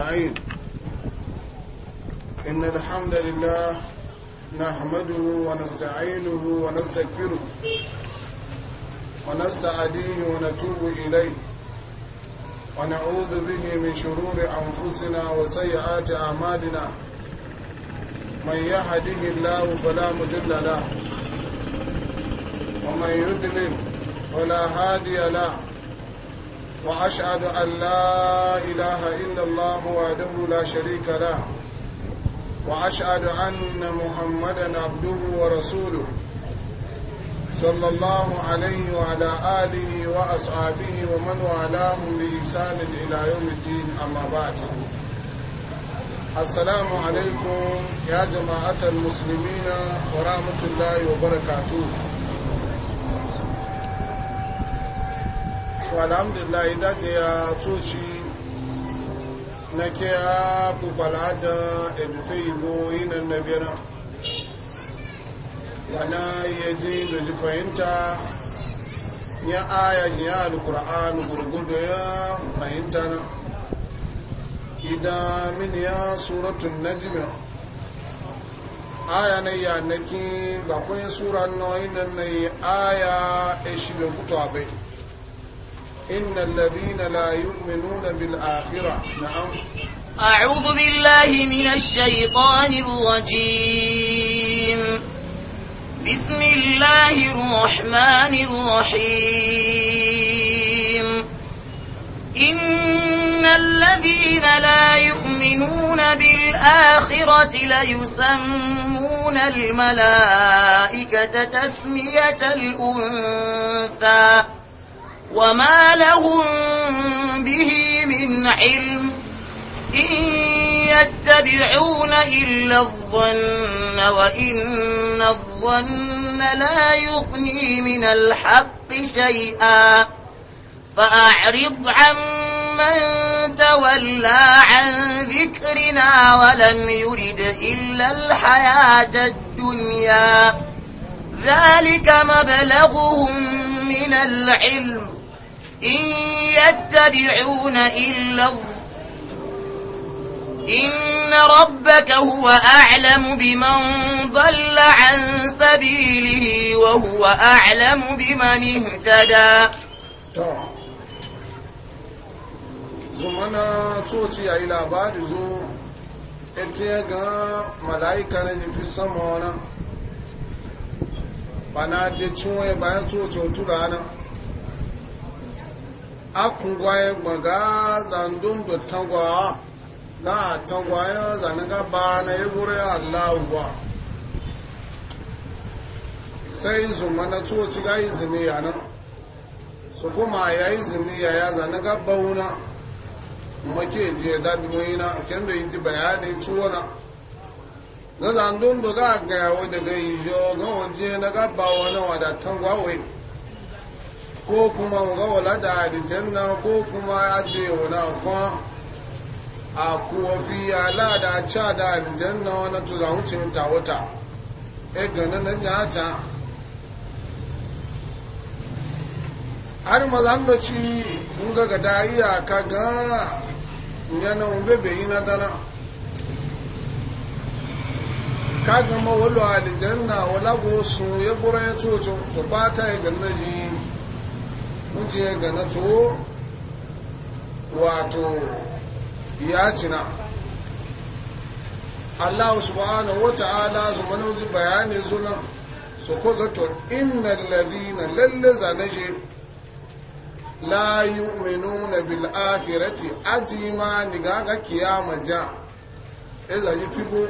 أجمعين إن الحمد لله نحمده ونستعينه ونستغفره ونستعديه ونتوب إليه ونعوذ به من شرور أنفسنا وسيئات أعمالنا من يهده الله فلا مضل له ومن يضلل فلا هادي له وأشهد أن لا إله إلا الله وحده لا شريك له وأشهد أن محمدا عبده ورسوله صلى الله عليه وعلى آله وأصحابه ومن والاهم بإحسان إلى يوم الدين أما بعد السلام عليكم يا جماعة المسلمين ورحمة الله وبركاته alhamdulillah idan ce ya coci na ke ya bubala da edufe ibo yinan na biyana wana iya ji da ji fahimta ya aya ya alkur'an gurgudu ya fahimta na idan min ya suratun najmi aya na yanaki naki bakwai sura na yinan na aya ya shi bai abai إن الذين لا يؤمنون بالآخرة نعم أعوذ بالله من الشيطان الرجيم بسم الله الرحمن الرحيم إن الذين لا يؤمنون بالآخرة ليسمون الملائكة تسمية الأنثى وما لهم به من علم إن يتبعون إلا الظن وإن الظن لا يغني من الحق شيئا فأعرض عن من تولى عن ذكرنا ولم يرد إلا الحياة الدنيا ذلك مبلغهم من العلم إن يتبعون إلا إن ربك هو أعلم بمن ضل عن سبيله وهو أعلم بمن اهتدى zumana tsoci yayi labari zo eti ga malaika na fi sama wana bana de cinwe bayan tsoci otu rana akungwaye gbaga zandun da na ya zanen ba na ya gure allahuwa sai zuma na coci ga izini ya nan su kuma ya izini ya ya zanen ba wuna make je na kendo yi ji bayanin ciwona na zandun da ga gaya wadda ga yi yo ga waje na gaba wani wadatan gwawai ko kuma ga wala da aljanna ko kuma ya je wala fa a kuwa fi ala da cha da aljanna wani wuce ta wata e gana na jata har mazan da ci kun ga dariya ka ga yana bebe yi na dana ka gama wala aljanna wala go sun ya bura ya coco to ba ta ya ganna ji wuce ga na tsoho wato ya cina Allah subhanahu wa ta'ala su manauji bayani zuna su koga to inna lalina lalle zanaje la na bil aji ma ni gaga kiyama ja fi e yi fibo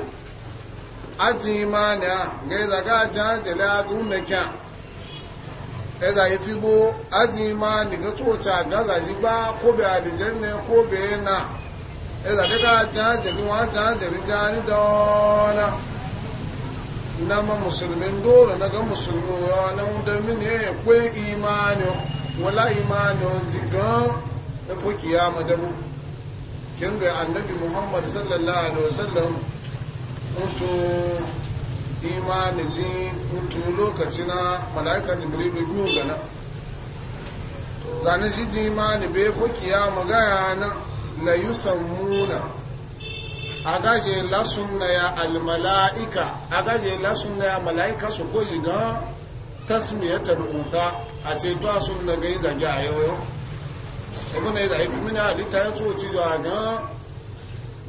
ma ni a ga eza ga ja jela gunna kya ẹ̀dà ìfibó ájìmá nìkan tó ṣe àgbàzà yìí gbá kóbẹ̀ àdìjẹ́ ní kóbẹ̀ náà ẹ̀dà nígbà jáǹjẹ̀ ní wọ́n jáǹjẹ̀ ní já ní na. Musulmi mùsùlùmí ń dóòrò mùsùlùmí ọ̀nà ń dẹ́mí ní ẹ̀ pé ìmáàni wọn gan ẹ̀fọ́ kìí àmọ́dẹ́bù kí ń annabi muhammad sallallahu alaihi wasallam ń imani ji mutu lokaci na malaika jibrilu biyu gana zane shi ji imani bai ya magaya na la yusammuna a gaje na ya almala'ika a gaje na ya mala'ika su koyi ga tasmiyatar uta a ce tuwa sunna na gai zage a yau yau na yi zaifi mini halitta ya tsoci ga gan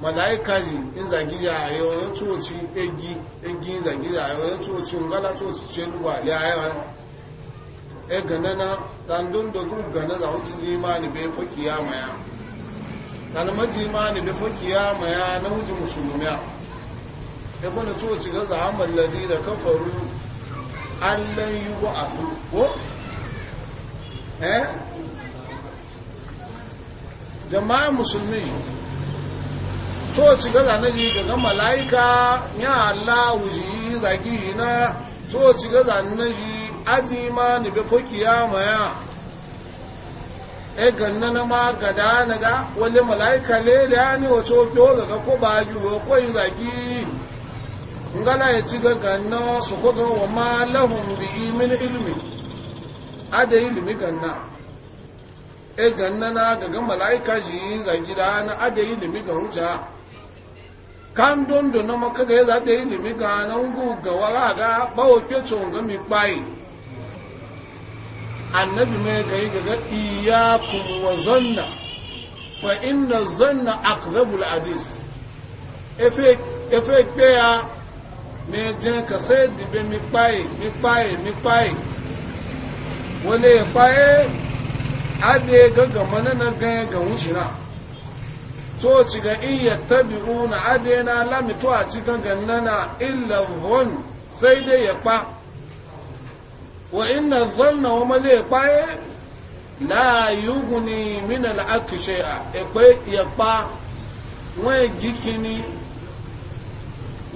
malaika ji in zagi ya ayo ya tsoci egi egi zagi ya ayo ya tsoci ngala tsoci ce ya yi ayo e ganana na dun da gu gana za wuce ji imani be fa kiyama ya maya ma ji imani be fa kiyama ya na wuce musulmi ya e bana tsoci ga za mallari da kafaru yi wa a yub'athu ko eh jama'a musulmi so ci gaza na ji ga malaika ya Allah wuji zagi na so ci gaza na ji aji ma ni be fo kiyama ya e ganna na ma gada na ga wani malaika le da ni o to do ga ko ba ju o ko zagi ngala ya ci ga ganna su ko ga wa ma lahum bi min ilmi ada ilmi ganna e ganna na ga ga malaika ji zagi da na ada ilmi ga wuta kan dondo na maka ga za ta yi limi ga na ga wara ga bawo ke ga mi pai annabi mai ga yi ga iya wa zanna fa inna zanna a al hadis efe efe pe ya me je ka sai dibe mi pai mi pai mi pai wole pai ade ga mana na ga ga wucina to ci ga iya tabi'u na adena to a cikin gannana illa zon sai dai ya kpa wa inna zon na wama zai kpaye la yuguni min al'aki shai'a ekwe ya kpa wani e gikini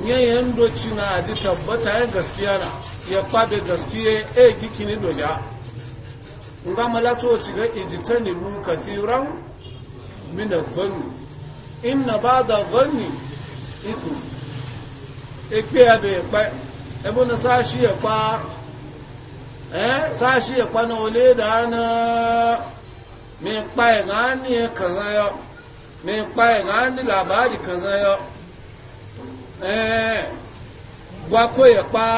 yanyan doci na ji tabbata yin gaskiya na ya kpa da gaskiya e gikini doja nga to ci ga ijitani mu kafiran min zonu inna bá eh, da gọ́nì ikú epe ẹ̀pẹ́ ẹbú na sáàṣì ẹ̀pá ẹ́ sáàṣì ẹ̀pá na olè dáná mi pa ẹ̀gá ní mi pa ẹ̀gá ní làbáàdì ẹ́ ẹ̀pá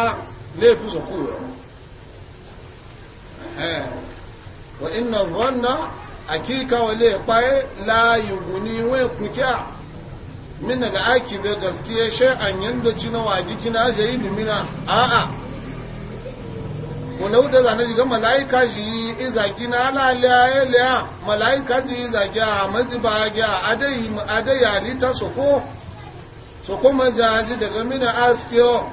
wọ́n akika wale kwaye la guni wai kukiya mina da aki bai gaskiya shai an yanda ci na waji kina je yi dumina a'a wani da zane shiga mala'ika shi iza gina na alaliya ya liya mala'ika shi yi izaki a maziba ya adai halitta soko soko majaji daga mina askiyo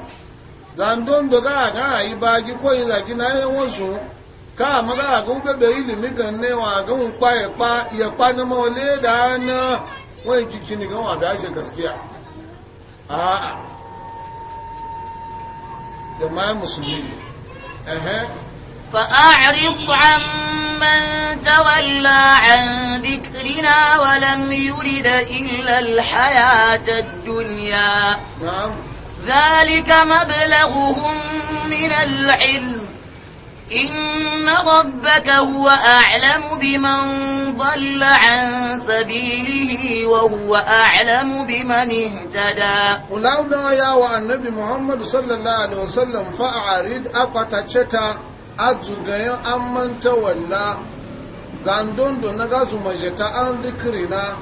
zandon doga a ga a yi bagi ko izaki na yawon su ka maga aga ubebe ilimi gan ne wa ga un pa ya pa ya pa na ma wale da na wai kici ni ga wa da shi gaskiya a da ma musulmi eh فأعرض عمن تولى عن ذكرنا ولم يرد إلا الحياة الدنيا نعم ذلك مبلغهم من العلم إن ربك هو أعلم بمن ضل عن سبيله وهو أعلم بمن اهتدى ولولا يا النبي محمد صلى الله عليه وسلم فأعرض أبتشتا أجوغيا أمن تولى zandon don na gasu majeta an zikirina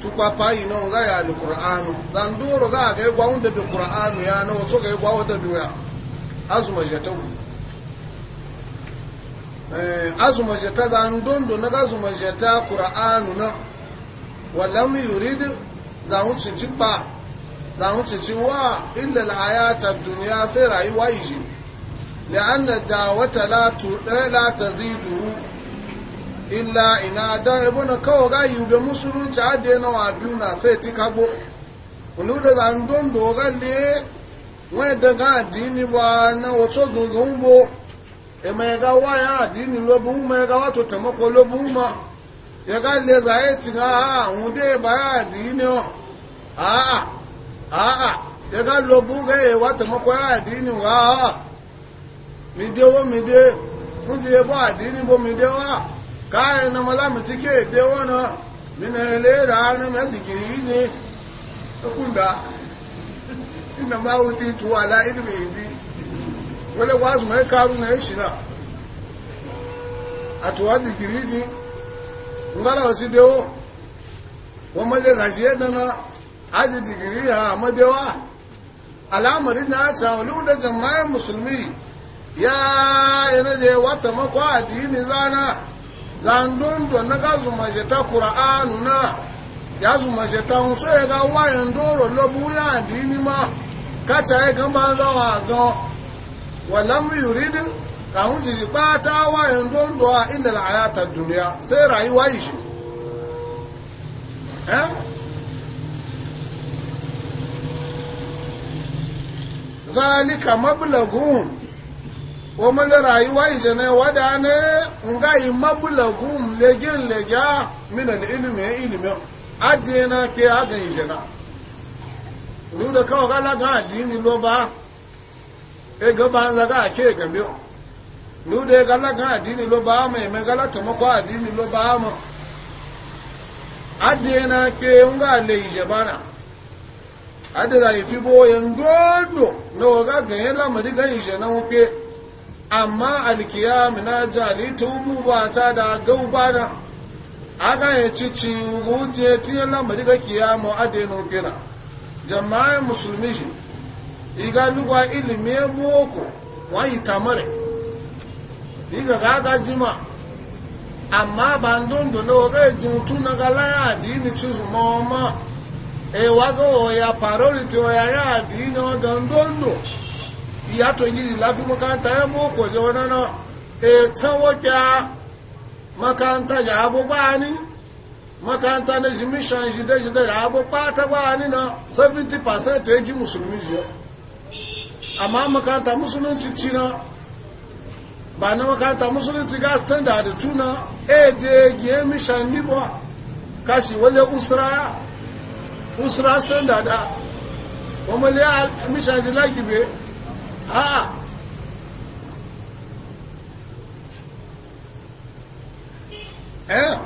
tukpapa yi na nga ya alkur'anu zandoro ga ga igwa wanda bi qur'anu ya na wato ga igwa wata biya azu majeta ku Eh, azuma shata zan dondo na azuma shata qur'anu na walam yurid zan cinci ba zan cinci wa illa alhayata dunya sai rayuwa yiji la'anna da'wata la tu eh, la tazidu illa inada ibuna kawo ga yube musulunci ade na wa biyu na sai tikabo ulu da zan dondo ga le wa daga addini ba na wato gungun bo emega wa ya adini lobun ma ga wato tamako ma ya ga le zaye ti na awon ah, de ba ya adini o a a a ya ga lobun ga e wa tamako ya adini wa ah. mi de wo mi de mun ti e ba adini bo mi de wa ka e na mala mi ti ke de wo na mi na le ra kunda inna ma wuti tuwala ilmi indi wale wazu mai karu na yashi na a tuwa digiriji ngara wasu dewo wọn mọdé gashi yadda na aji digiri ha madewa al'amari na ta wani da jama'in musulmi ya yana da wata makwa addini zana zandundu na gazu zuma kura'anu na ya zuma mace ta ya ga wayan doro lobu ya addini ma kaca ya gamba zawa gan walam yurid kawun shi ba ta wayan don doa inda hayata duniya sai rayuwa yi shi eh zalika mablagun o mala rayuwa yi ne wada ne nga yi mablagun legin lega min al ilmi ilmi adina ke agan yi jana ka kawai ga lagan adini lo ba e banza ga ke ga biyo lu de gala ga adini lo ba ma me gala to ko adini lo ba ma adena ke unga le je bana ade da ifi bo yen godo no ga ga yela ma diga je na uke amma alkiyam na jali tubu ba ta da gau bana aga ya cici guje tiyela ma diga kiyamo adeno kina jama'a musulmi shi iga lugwa ilimi ya boko wani tamare ga-aga jima amma ba ndondo na oga eji mutu na gala adini chizu ma ọma ewaga oya paroriti oya ya adini oga ndondo iya to yi lafi e, makanta ya boko je wani na etan wakya makanta ya abubuwa anyị, makanta na jimishan jide jide ya abubuwa ta ba ni na 70% ya gi musulmi jiyo amma makaranta musulunci cina ba na makaranta musulunci ga standard tuna eje giye mishan nibo kashi wale usra usra standard a kuma le mishan ji lagibe a eh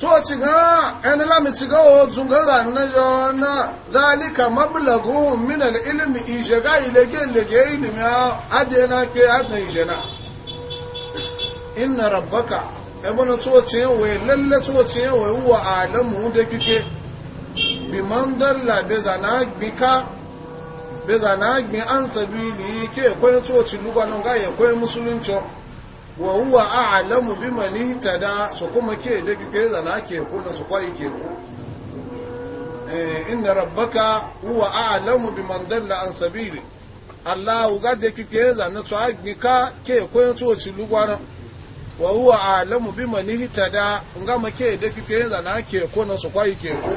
coci ga ‘yan lamici ga wajen gaza na jona zalika mablaguhun minal ilimin ishe ga ilege-ilege ilimi a yana ke adina ishe na inna rabbaka ebona coci yawai lalle coci yawai wa alamu da kike bi man dalla be zana ka be zana gbin an sabili ke kwaye coci lugbanon ga ya kwaye musulunci wa huwa a'lamu biman ihtada su kuma ke da kike zana ke ko na su kwai ke ko eh inna rabbaka huwa a'lamu biman dalla an sabili Allah ga da kike zana su agnika ke ko yan so ci lugwana wa huwa a'lamu biman ihtada ngama ke da kike zana ke ko na su kwai ke ko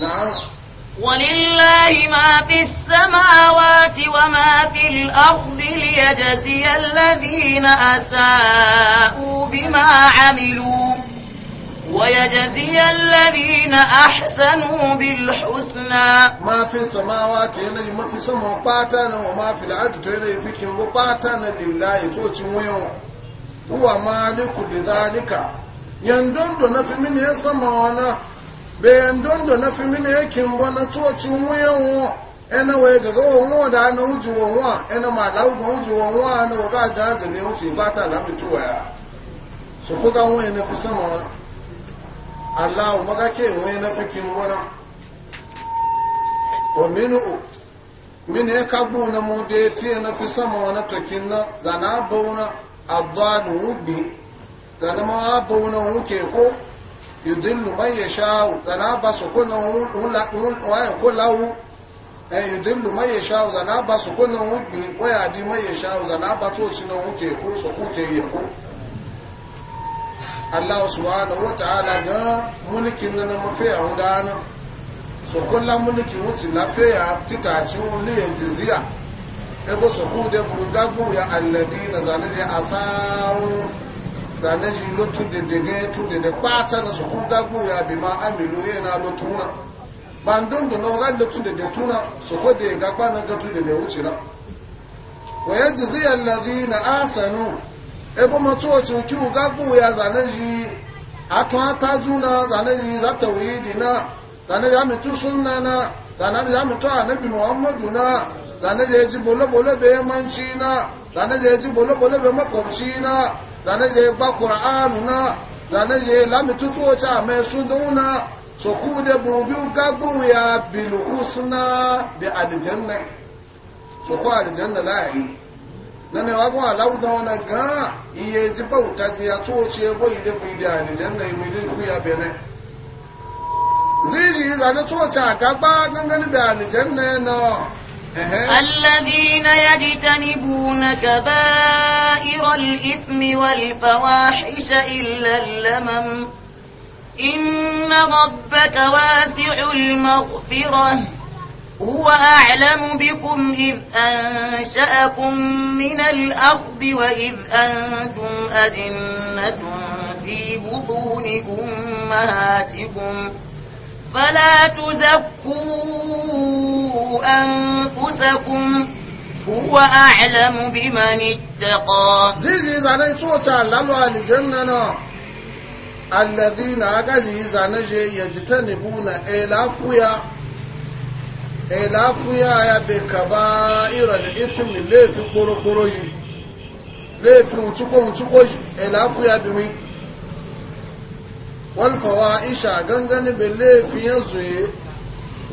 na'am ولله ما في السماوات وما في الأرض ليجزي الذين أساءوا بما عملوا ويجزي الذين أحسنوا بالحسنى ما في السماوات إليه ما في سماء باتانا وما في الأرض إليه في كم باتانا لله توتي ويوم هو مالك لذلك يندون في من يسمعنا bayan dondo na fi mini yakin ba na tsoci wuyanwo ena wee gaga wonwo da na uji wonwo ena ma da ugo uji wonwo na oga jaje ne uji bata na mitu so ko ga won na fi sama Allah maga ke won na fi kin wona o ka na mu de na na na zana na na yudillu man yasha'u dana ba su kuna wayan kulawu eh yudillu man yasha'u dana ba su kuna wubi waya di man yasha'u dana ba to na wuce ko su kute yi ko Allah subhanahu ga mulkin na mafi a wudana su kula mulki wuce lafiya titacin wuli ya jiziya ego su ya zane shi lotu dedege tu dede kpata na sukun dagbu ya bi ma amilu ye na lotu na bandun dun na lotu dede tuna soko de ga kpa na ga tu dede wuce na wa yajzi alladhina asanu e bo ma tuwa tu ki uga gbu ya zane shi atu ata juna zane shi za tawhidi na zane ya mitu sunna na zane ya mitu anabi muhammadu na zane ya e ji bolo bolo be manci na zane ya e ji bolo bolo be makwabci na zane je ba qur'anu na zane je lami tutuo cha me sunduna so ku de bubi gagbu ya bil husna bi aljanna so ko aljanna la yi ne wa gwa lawda ona ga iye ti bauta ti ya tuo che bo ide ku ide aljanna mi fu ya bene zizi zane tuo cha gagba gangan bi na. no الذين يجتنبون كبائر الإثم والفواحش إلا اللمم إن ربك واسع المغفرة هو أعلم بكم إذ أنشأكم من الأرض وإذ أنتم أجنة في بطون أمهاتكم فلا تزكوا أنفسكم هو أعلم بمن اتقى زيزي زانا توتا لالو الجنة الذين أغازي زانا يجتنبون إلافيا إلافيا يا بكبائر الإثم اللي في قرقرجي ليه في وتكون وتكوجي إلافيا بمين walfawa isha ganganin bai laifiyan zuye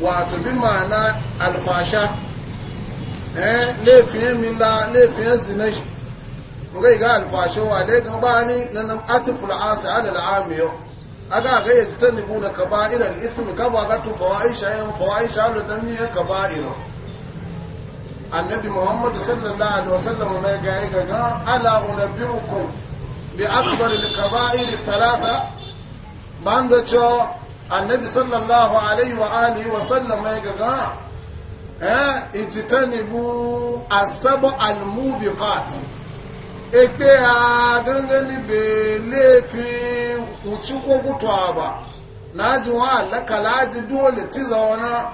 wato bi ma'ana alfasha eh laifiyan mila laifiyan zinashi ngai ga alfashe wa dai ga bani nan atiful asa ala al'amiyo aga ga yaji tanibu na kaba'ir al-ithm kaba ga tu fawaisha yan fawaisha lu dan ne kaba'ir annabi muhammad sallallahu alaihi wasallam mai ga ga ala unabiyukum bi akbar al-kaba'ir thalatha ban da cewa annabi sallallahu alaihi wa alihi wa sallam ya gaga eh ititanibu asab almubiqat e pe a gangan ni be le fi uchi ko gutwa ba naji wa lakalaji dole tiza wana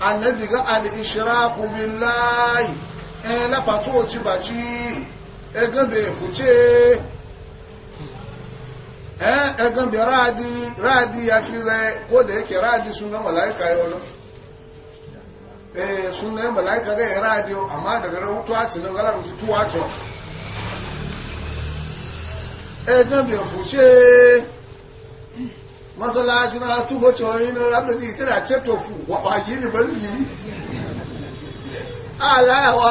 annabi ga al-ishraku billahi eh, e la patu ochi bachi e gabe fuche ẹ̀gán bí ráàdì ráàdì afirẹ kódà ẹ̀kẹ́ ráàdì súnà màláìka yọ lọ ẹ̀ẹ́ súnà màláìka ráàdì àmà dàgbẹ̀rẹ̀ wọ́n tó àtìnà gálàmù ti tú àtọ̀ ẹ̀gán bí ọ̀fù ṣe náà túbọ̀ tí na yín náà lábẹ́sí ìtẹ́rẹ̀ àtẹ́tọ̀ fún wàá yìí ni bẹ́ẹ̀ yìí àláyàwá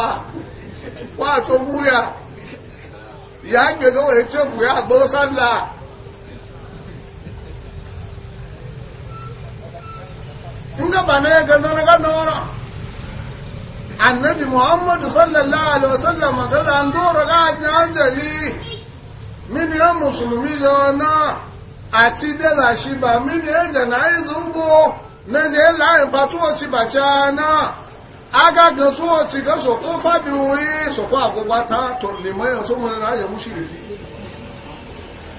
wàá tó wúrẹ́ à ìyá àgbẹ̀gẹ́wò ètò ìfúyà nga ba na ga na ga dora annabi muhammadu sallallahu alaihi wasallam ga zan dora ga janjali min ya musulmi na a ci da shi ba min jana janai zubo na je layin ba tuwo ci ba cha na aga ga tuwo ci ga so ko fa bi wi so ko agogwa ta to le mo so mo na ya mushiriki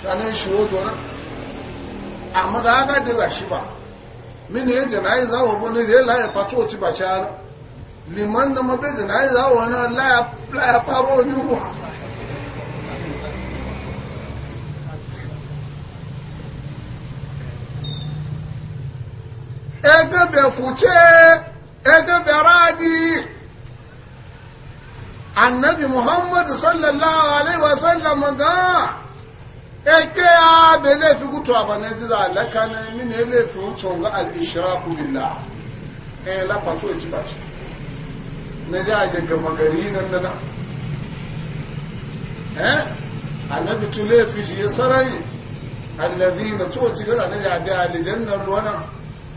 tanan shi wo to na amma ga ga da shi ba mini ya jana'iza wa bane zai laye fato ci ba shara liman da mabe jana'iza wa na laye faro yiwu ege be fuce ege bɛ raji annabi muhammadu sallallahu alaihi wasallam ga eke ya be laifi gutu ba na jiza alaka na mini ya laifi wucin ga al'ishiraku billah eh la pato eh, ya ci baci na ji aje gama gari nan da nan eh annabi tu laifi shi ya sarari allazi na to ci ga na ya da aljannar ruwana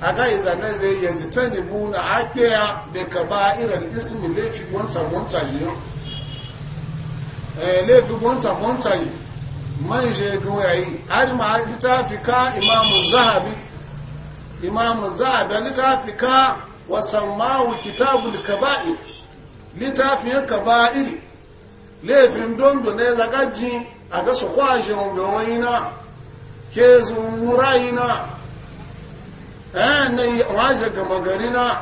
a ga yi na zai yanzu ta ne buna afiya be ka ba irin ismi laifi wanta wanta shi eh laifi wanta wanta yi man ya yi har ma littafi ka imamu zahabi imamu zahabi littafi ka wa sammahu kitabul kaba'ir littafin kaba'ir laifin dondo ne zagaji a ga su kwashe na ke zurayina yi eh, na yi waje gama gari na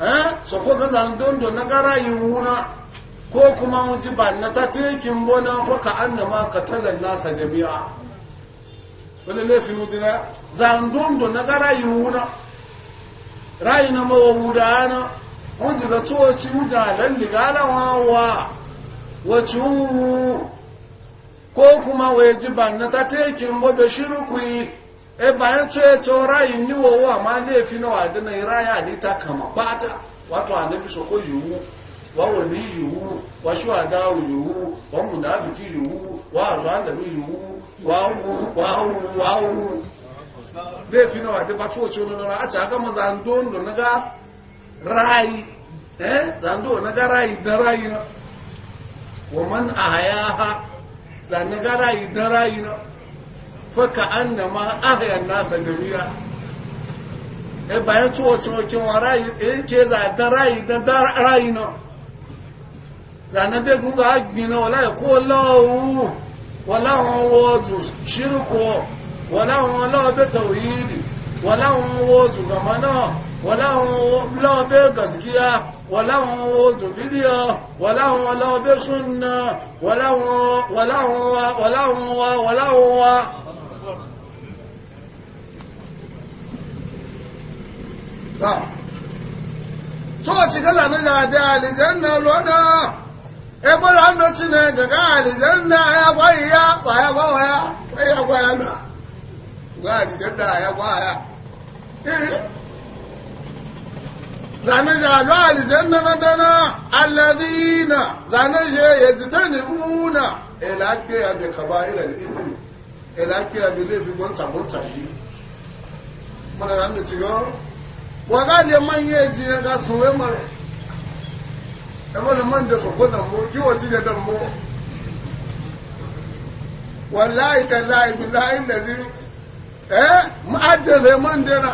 eh, su ko ga zan dondo na gara yi wuna ko kuma wuce ba na ta tekin bonan faka ka na nasa jami'a wani laifin wuce na zandondo na ga rayu wuna rayu na mawa wuda ana wuce ga tsoci wuce lalli galawa wa wace ko kuma waje ba na ta tekin bobe shirukui e bayan tsoye rayu ni wowa ma laifin na wadana raya ne ta kama bata wato annabi so ko yiwu wawanni juhu wa shuhada juhu wa munafiki juhu wa arzanda juhu wa wawu wawu be fina wa de batu ocho no na acha ka mazanto ndo naga rai eh zanto naga rai da rai na wa man ahayaha zan naga rai da rai na fa ka annama ahya an-nasa jami'a eh bayan tuwo tuwo kin wa rai eh ke za da rai da da rai na zanabegun ga gbina wala ko lọ́wọ́ wala wọn wọ́ọ̀tù ṣírùkù wala wọn lọ́ọ̀bẹ̀ tàwíìdì wala wọn wọ́ọ̀tù gàmánà wala wọn lọ́ọ̀bẹ̀ gaskiya wala wọn wọ́ọ̀tù bídíọ̀ wala wọn lọ́ọ̀bẹ̀ súnà ebolo ano chineke ka alijanna ayakwa iya ayakwa waya ayakwa yana ga alijanna ayakwa aya zane shi alo alijanna na dana alladhina zane shi yajitanibuna buna. kiya bi kaba'ir al-ithm ila kiya bi lafi gonta gonta shi mana ga ne cigo wa ga le manye ji ga sunwe mara ẹmọ́ na man da sọ̀kọ́ dàn bó kí wọ́n ti dẹ̀ dàn bó wọ́n láì tẹ̀ láì bí láì lẹ́sí ẹ́ á jẹ́sẹ̀ man dẹ́ra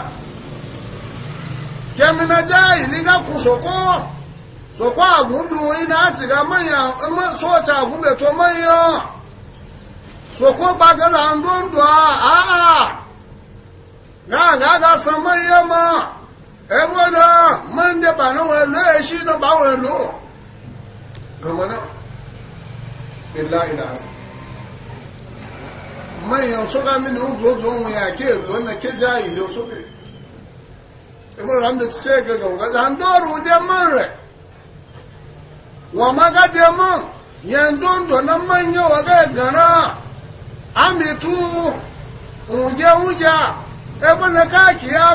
kẹ́mínà já ìlígà kù sọ̀kọ́ sọ̀kọ́ àgúndùn iná àti ga mọ́yàn sọ́ọ̀tì àgúnbẹ̀tọ́ san mọ́yàn mọ́ ẹgbọ́dọ̀ mọ́ndé bà náà wọ́n lóye sí náà bá wọ́n lóye. gamana billahi da hasu manyan tsoga mini ya ke wannan ke jayi da ibi ran da ce ga gauga da wa maga yan na manya wa ga gana amitu uje uje ebe na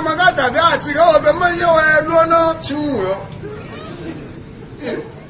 maga tabi a cikin obe manya wa ya lona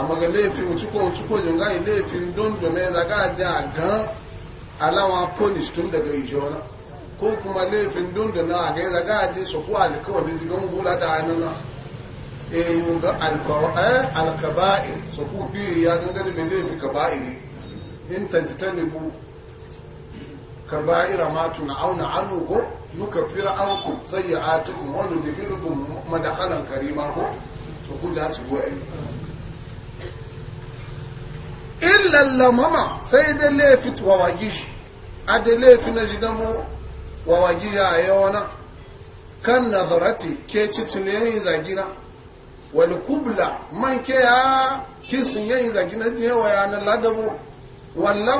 àmọ́gẹ léèfin òtúkọ̀ òtúkọ̀ yóò ga léèfin dóńdó mẹ́ta gáàjẹ́ àgán aláwọn polish tó ń dẹ̀dọ̀ ìjọ náà ko kuma laifin dundun na a gaisa gaji su ku alkawalin jigan hula da hannuna e yi ga alkaba'ir su biyu ya gangare mai laifin kaba'iri in ta ji ta nibu kaba'ira ma tuna auna anu ko nuka fira an ku sai ya ati kuma wani da girgin madakalan karima ko su ku ja illa lamama sai da laifin wawagi shi a da laifin na mu wawagi ya wani kan nazarati ke cicin yayin zagina wani kubla man ke ya kisin yayin zagina jiya wa yanar ladabo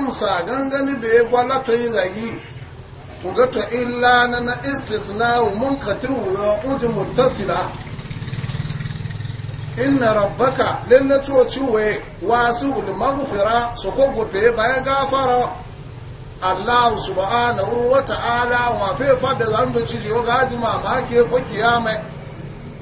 musa gangani da ya ta yin zagi ku gata illa na na istisna mun katin ya ujin mutasila inna rabbaka lalle coci we wasu ulmagufira su ko gufe bayan gafara allahu subhanahu wa ta'ala wa fe fabe zan da ciji o gaji mamaki fo kiyama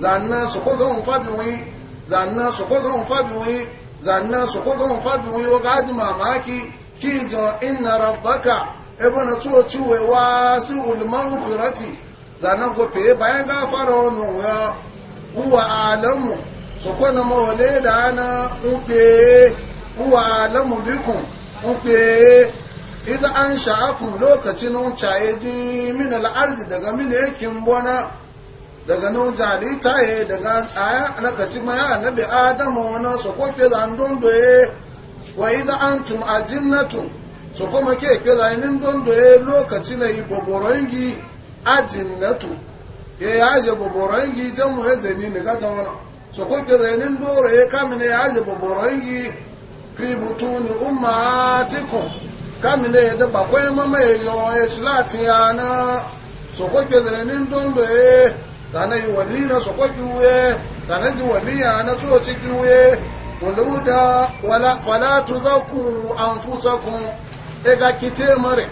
zanna su ko gon fabi wi zanna su ko gon fabi wi zanna su ko gon fabi wi o gaji mamaki ki jo inna rabbaka ebona coci we wasu ulmagufirati zanna gufe bayan gafara no ya huwa alamu sọ̀kọ́ na mọ̀ wọlé dáná ń pè é wà lámùbíkùn ń pè é idan an sha'akun lokacin nun caye ji min al'ardi daga min yakin bona daga nun jalita ya e, daga aya na kaci ma ya nabi adamu wani sọ̀kọ́ pe zandondo ya e, wa idan an tum ajinnatu sọ̀kọ́ ma ke pe zanin e dondo ya lokacin na yi boborongi ajinnatu ya yaje boborongi jamu ya jani daga da wani so ko ke zainin doro ya e kamina ya ji baboran yi fi butuni ummatikum kamina ya e da bakwai e mama ya yi ya shilati ya na so ko ke zainin dondo ya tana yi wali na so ko kiwe tana ji wali ya na tsoci kiwe wuluda wala fala tuzaku anfusakum e ga kite mare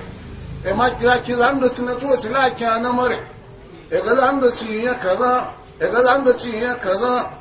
e ma kira kira ndo tina tsoci la kana mare e ga ndo ya kaza e ga ndo ya kaza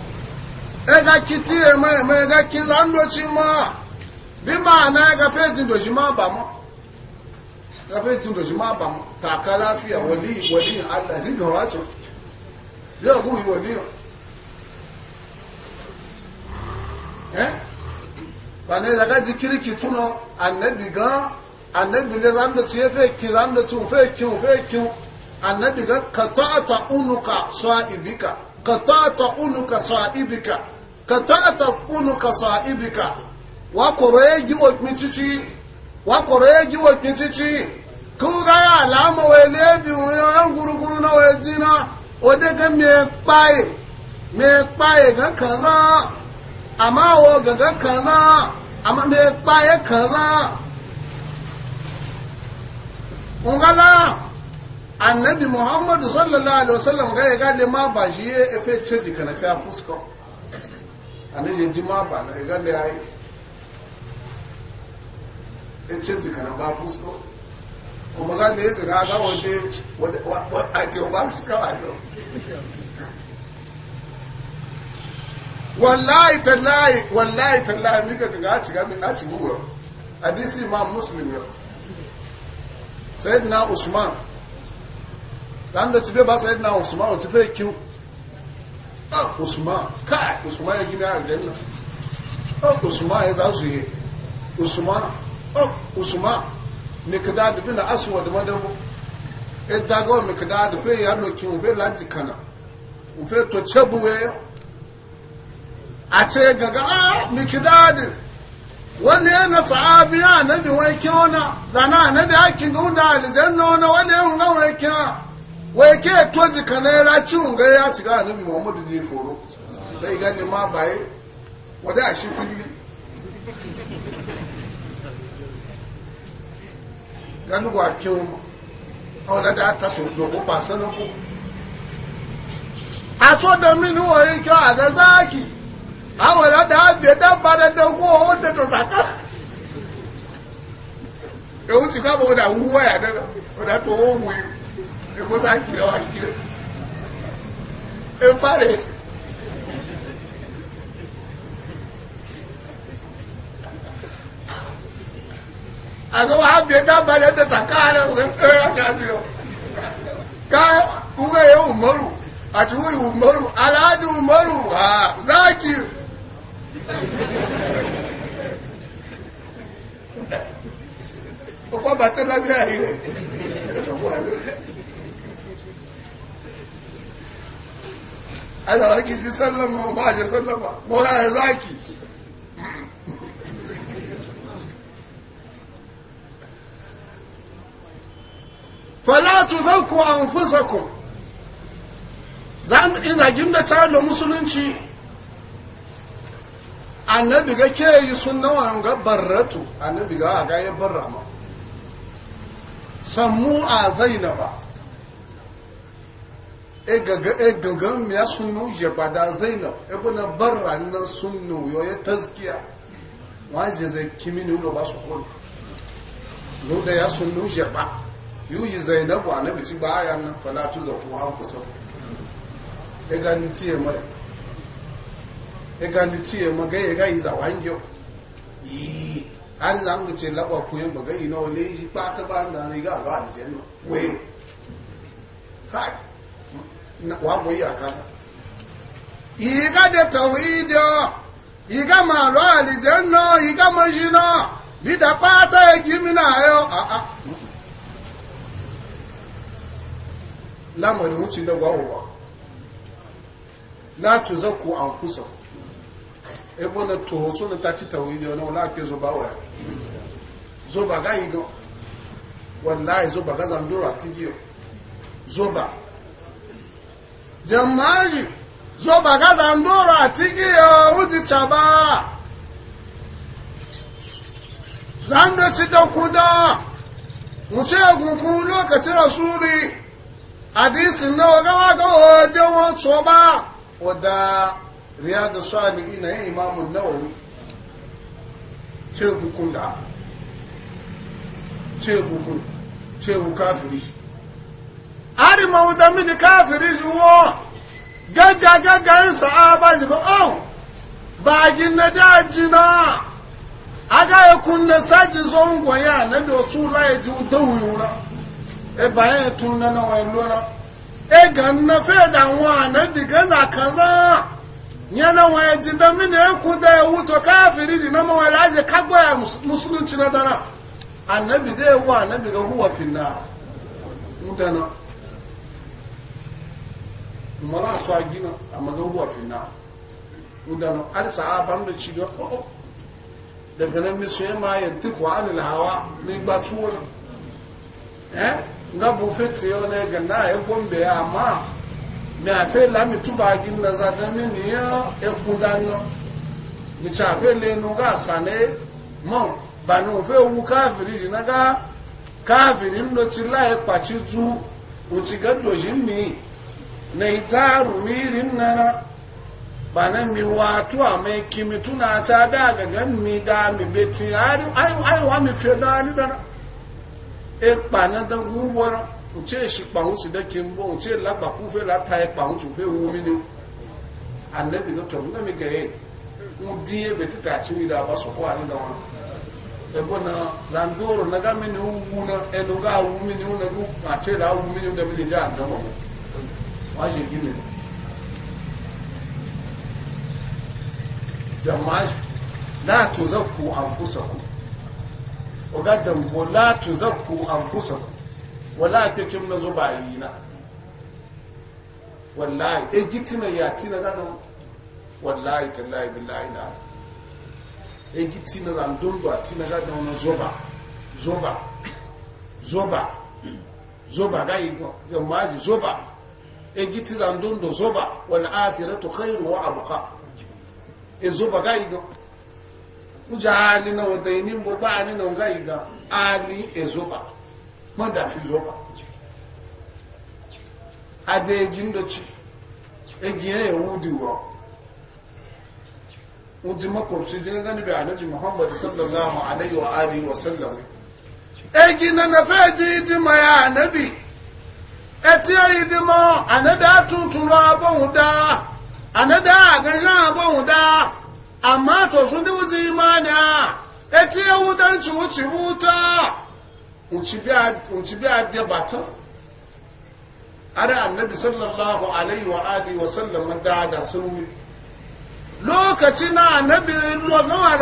ega kiti ema ema ega kiza ndochi ma bi ma'ana ega fejin doshi ma ba ma ega fejin doshi ma ba ma kaka lafiya wali wali Allah si ga wace yau ku yi wali eh ba ne daga zikiri ki tuno annabi ga annabi le zan da ce fe ki zan da tun fe ki fe ki annabi ga ka ta'ata unuka sa'ibika قطعت أنك صائبك قطعت أنك صائبك وقريجي وكمتشي وقريجي وكمتشي كوغايا لاما ويليبي ويان نو ويزينا ودك ميقباي ميقباي كذا أما هو غن كذا أما ميقباي كذا ungala annabi muhammadu sallallahu alaihi wasallam ga ya gade ma ba shi ya efe ce ka na fiya fuska annabi ji ma ba na ya gade ya yi ya ce ka na ba fuska kuma ga da ya ga gaga wata a ke ba su kawai wallahi tallahi wallahi tallahi mika ka ga ci ga a ci guwa hadisi imam muslim ya sayyidina usman zanga ci fe ba sai na usman wa ci fe kiu ah usman kai usman ya gina aljanna ah usman ya za su yi usman ah usman mikdad bin aswad madabu edago mikdad fe ya lo kiu fe lati kana u fe to chebuwe a ce gaga ah mikdad wani yana sahabiya nabi wai kyona zana nabi hakin gauda aljanna wani wani yana gauda wai ke toji ka na yara ciwon ga ya shiga annabi muhammadu zai foro zai gani ma baye wadda a shi fili gani gwa kyau ma wadda da ta tozo ko e ba sanar ko a so da mini wani kyau a ga zaki a wadda da abiya dabba da dangowa wadda ta zaka yawon shiga ba wadda huwa ya dana wadda to wo wuyi eu aqui agora ìmúsá kìlọ̀ wà kìlọ̀ ẹ̀fàrẹ̀ àgọ́wà ábìyẹ dábàlẹ̀ tẹ̀sà o moro acho káà kúgbẹ̀ yẹ umaru àti wúyì umaru aláàjì umaru wà záàkì ọkọ̀ bàtẹ́ lábẹ́ àìrẹ̀ ẹ̀fọ̀kọ́ àìrẹ̀ ana zaki ji sallama ma, ji sallama mora ya zaki fala tuzakku anfusakum zan in zagin da ta da musulunci annabi ga ke yi sunnawa ga barratu annabi ga ga ya barrama sammu a zainaba egagan e e ya sunu ya bada zainab na bar ranar sunu yo ya tazkiya je zai kimi ne ba su kun no da ya sunu ya ba yi zainab wa nabi ci baya nan fala tu zaku an fusa ega ni tiye ma ega ni tiye ma e ga ega yi za wangyo yi an zan ce laba ku yin baga ina wale yi ba ta ba nan ga ga da jenno we wàá bọ̀ yìí àkàlà yìí ká dé tọ̀hún yìí ọ yìí ká máa lọ àlìjẹ́ náà yìí ká máa ṣí náà bí dàpá tá ẹ jí mi náà ẹ lámọ̀dé wọ́n ti àǹfùsọ̀ na tòhó tó e na tàti tọ̀hún yìí dé náà láàpẹ́ zọba wà zọba gáyìí gan wọ́n láì zọba gázà ń dọ̀rọ̀ àtijọ́ zọba. jamaji zo ba gaza ndoro a tigi ya wuzi caba zando ci da kuda mu ce gungun lokacin rasuli hadisin nawa gawa gawa don wato ba wadda riyadu sani na yin imamun nawawi ce gungun da ce gungun ce gungun kafiri ari mawuta ni kafiri juwo gaga gaga yin sa'aba shi ko oh bagin na daji na aga ya kunna saji zon goya na bi otu la ya ji uta wuyura e bayan ya tunna na wani lona e ganna fe da nwa na bi gaza kaza yana wani ji da ni ya e da ya wuto kafiri ji na mawai laje kagwaya musulunci na dana annabi da yawa annabi ga huwa finna mutana mara a tsuwa gina a magaguwa fina udano a sa'aban da ci da ƙo'o oh, oh. daga nan misu ya ma yanti kuwa anil hawa ni gba tuwo na eh nga bufe yau ne ga na ya gombe ya amma mi a fe lami tuba gin na za da mi ni ya ekun dano mi ca fe le nu ga sane mo ba ni o wu kafiri ji na ga kafiri ndo ti la e pachi ju o ti ga doji mi na ita rumirin nana ba na mi wato a mai kimi tuna ta da gagan mi da mi beti aiwa mi fe da ni dana e pa na da gubar nce shi kpahun su da kimbo nce lagba kufe lata ya kpahun su fe wumi ne annabi na tobi na mi gaye e. udi ya e beti ta ci da ba su kowa ni da wani ebo na zandoro na ga mini wu na enu ga wu na gu ma ce da wu mini wu da ja fáṣẹ gímẹ̀ jamaji látò zakku anfusaku ọgá dàmbò látò zakku anfusaku wọlá pẹ́kẹ́ mọ́ zọba yìí na wallahi egitina yatina gadan wallahi tallahi billahi la egitina zan dondo atina gadan na zoba zoba zoba zoba ga igo jamaji zoba e giti zandun zoba wani akiratu khairu wa abuka e zoba ga iga kuja hali na wata yi nimbo ba hali na ga Ali hali e zoba madafi zoba ade egin da ci egin ya e wudi wa wudi makwabci jin gani bai annabi muhammadu sallallahu alaihi wa alihi wa sallam egin na nafe ji ji maya annabi ẹtí mọ́ ànẹ́dá tuntun lọ abọ́hùn dá ànẹ́dá àgẹ́yàn abọ́hùn dá àmọ́ àtọ̀sùn ní wùtí máa ní à ẹtí ewu dáńtì wùtí wú tá òtí bí adébàtà ara annabi sallallahu alaihi wa wa sallam da da sunwi lokaci na gama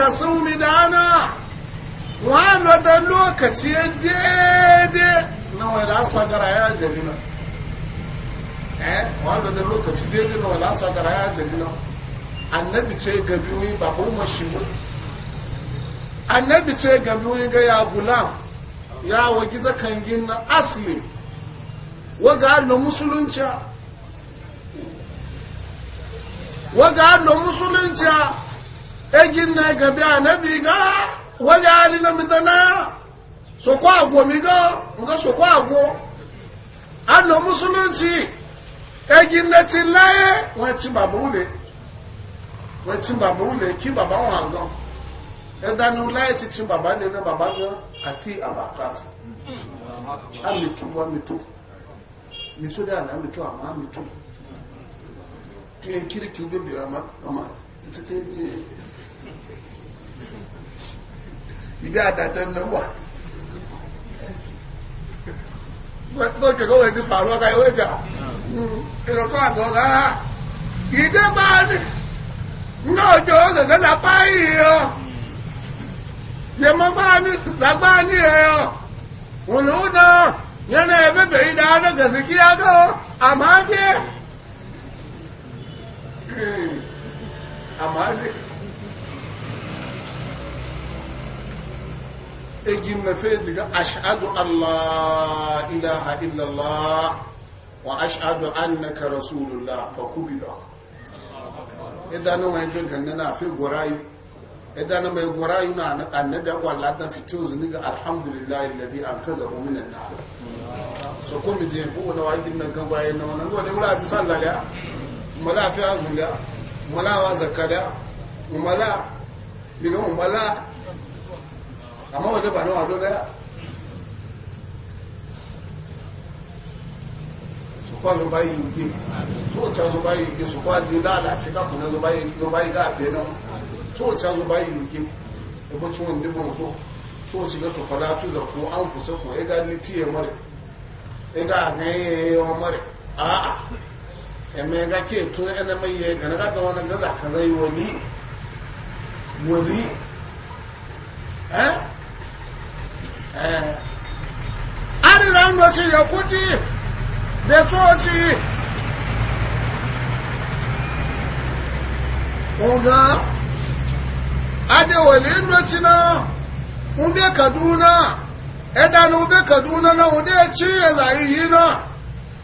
da da ana da lokaci na wai da eh wanda da lokaci daidai na wala sagara ya jali na annabi ce ga biyu ba ko kuma shi mu annabi ce ga biyu ga ya gulam ya wa wagi zakangin na asli waga allo musulunci waga allo musulunci e gin na gabi annabi ga wani hali na midana sokwa agwo mi ga nga sokwa agwo allo musulunci ẹgí nẹ́tí láyé ti bàbá wùlé wọ́n ti bàbá wùlé kí bàbá wọn hàn gan ẹ̀dánú láyé ti ti bàbá lé ní bàbá gan àti àbàkásì àmìtú wọ́n mìtú àná mìtú àmọ́ àmìtú kí n kiri kí n bèbè ọmọ títí ní ìdí wà ìrọ̀kọ́ àgọ́ rárá ìdè bá ní ní ọjọ́ gẹ̀gẹ́ lápá yìí ọ yẹmọ bá ní sàgbá ní ẹ ọ òlù náà yẹn náà ẹ bẹ̀bẹ̀ yìí dáná gẹ̀sì kí á àmàdé àmàdé. egin diga ashadu allah ilaha illallah wa ash'adu annaka rasulullah fa kubida idan wani gangan na fi gorayu idan mai gorayu na annada walla ta fito zuni ga alhamdulillah alladhi ankazahu min an-nar so ko mi je bu na wani nan kan bayan na wannan gode wala ta sallala mala fi azula mala wa zakada mala mi no mala amma wanda ba no ado da su kwa zo bayi yuge tsoca zo bayi yuge su kwa ji lalace ka kuna zo bayi zo bayi da be na tsoca zo bayi yuge e bo chon de bon so so ci ga to fala tu za ko an fusa ko e ga ni tiye mare e ga ne yo mare a a e me ga ke to e na mai ye ga na ga ga wannan gaza ka zai wani wani eh eh ari ran do ci ya kuti bai coci oga adewale ndoci kaduna kaduna na ude ci ẹza iyi na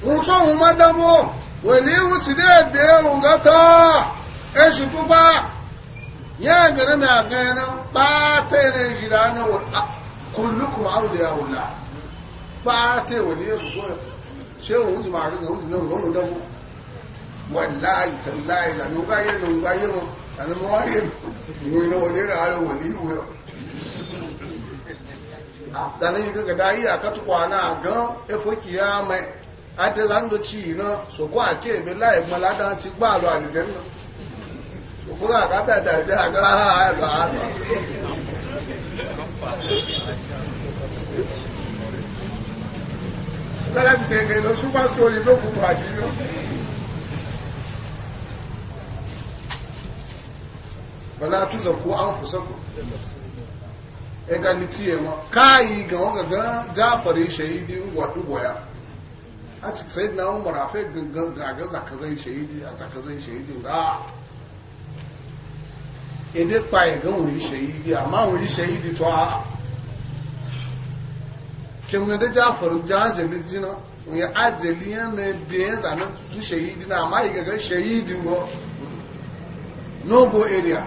nso nwuma dabo wele de ta esu tuba ya gere mai yana jira na wa kullukum auliya wula yi wani yesu so ṣé òun ti máa gbẹ̀gbẹ̀ òun ti lóhùn lóhùn dẹ́fún wọ́n láì tẹ̀láì lànà ọgbà yẹn lòun gbà yẹn wọn lànà mọ́ wáyé ìwé iná wọlé da á lọ wọ̀ ní ìwé ọ̀ lànà yìí gẹ́gẹ́ dá yìí àkàtúkọ̀ àná àgán ẹ̀fọ́ kì í àmẹ́ adélàndó tì í ná sòkó àké èmi láì mọ́ ládàá ti gbà lọ àlìjẹ́ náà da àkábẹ̀ àdàjẹ́ àgbà àlọ́ àlọ́ lọ́la fi ṣe ìgbẹ́ lọ super story ló kù tó bọ́lá túnṣe kó àǹfọ̀sọ́kù ẹ̀ka ní tiẹ̀ wọn káàyè gàwọn gàgán jáfọ̀rẹ́ ìṣẹ̀yìdì wọ̀dúwọ̀yà a ci sai na umar afai gaga zakazai shahidi a zakazai shahidi da ede paye gan wuri shahidi amma wuri di to a kemgbe da jafaru jajali jina ya ajali ya na biye zanen su shahidi na amma igaga shahidi no go area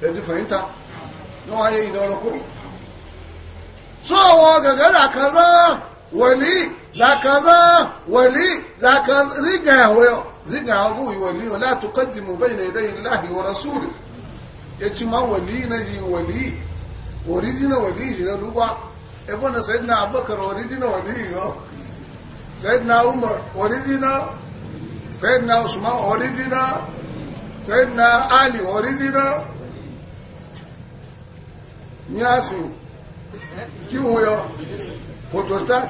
da ji fahimta na waye idan rakuri tsohon gaga da kaza wali da kaza wali da kaza ziga ya wayo ziga ya wayo wali wala tuqaddimu bayna yi llahi wa rasulihi yace ma wali na ji wali original wali shi na duba e bona sayyidina abubakar original wali yo sayyidina umar original sayyidina usman original sayyidina ali original nyasi kí wọn yọ photostat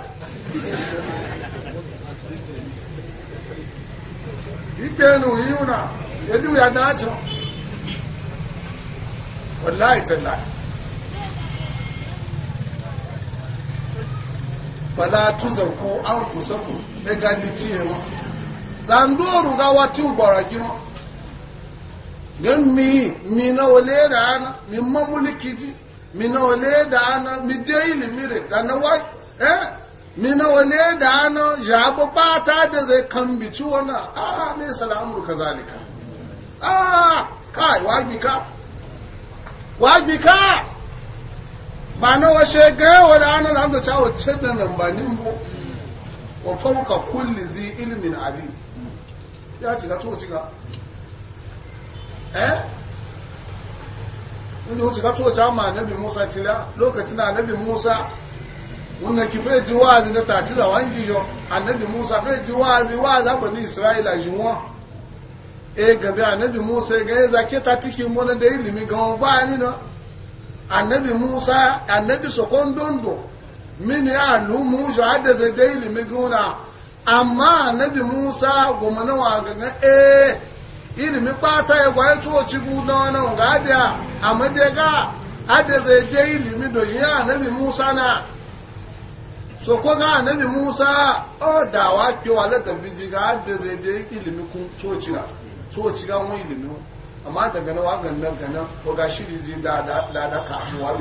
ìgbẹ́nu yíò náà edu ya àtọ̀ wallahi tallahi fala tuzarku an fusaku ne gani tiye ma zandoru ga wati ubara gino gan mi mi na wale da ana mi ma muliki ji mi na wale da ana mi de ilimi re da na wa eh mi na wale da ana jabo ba ta da zai kan bici wana a ah, ne salamu zalika a ah, kai wa gika ka wa bi ka ba na washe gaya wa da ana zamu da cawo cikin nan ba nin mu wa fauka kulli zi ilmin ali ya ci ga to ci ga eh inda wuce ka coca ma nabi musa cila lokacin na nabi musa wannan ki fai ji wazi na tati da wangi yau annabi musa fai ji wazi wazi ni isra'ila jinwa e gabe annabi musa ga ya zake ta tiki mona da ilimi ga ba ni na annabi musa annabi sokon dondo mini ya lumu jo hada zai da ilimi gona amma annabi musa goma na wa ga e ilimi pata ya gwa to ci bu na wannan ga da amma da ga hada da ilimi do ya annabi musa na Soko ga annabi musa o da wa ke wala da biji ga hada zai da ilimi kun to na so ci ga mu ilimi amma daga na wagan nan ganan ko ga shi ji da da da kafin bi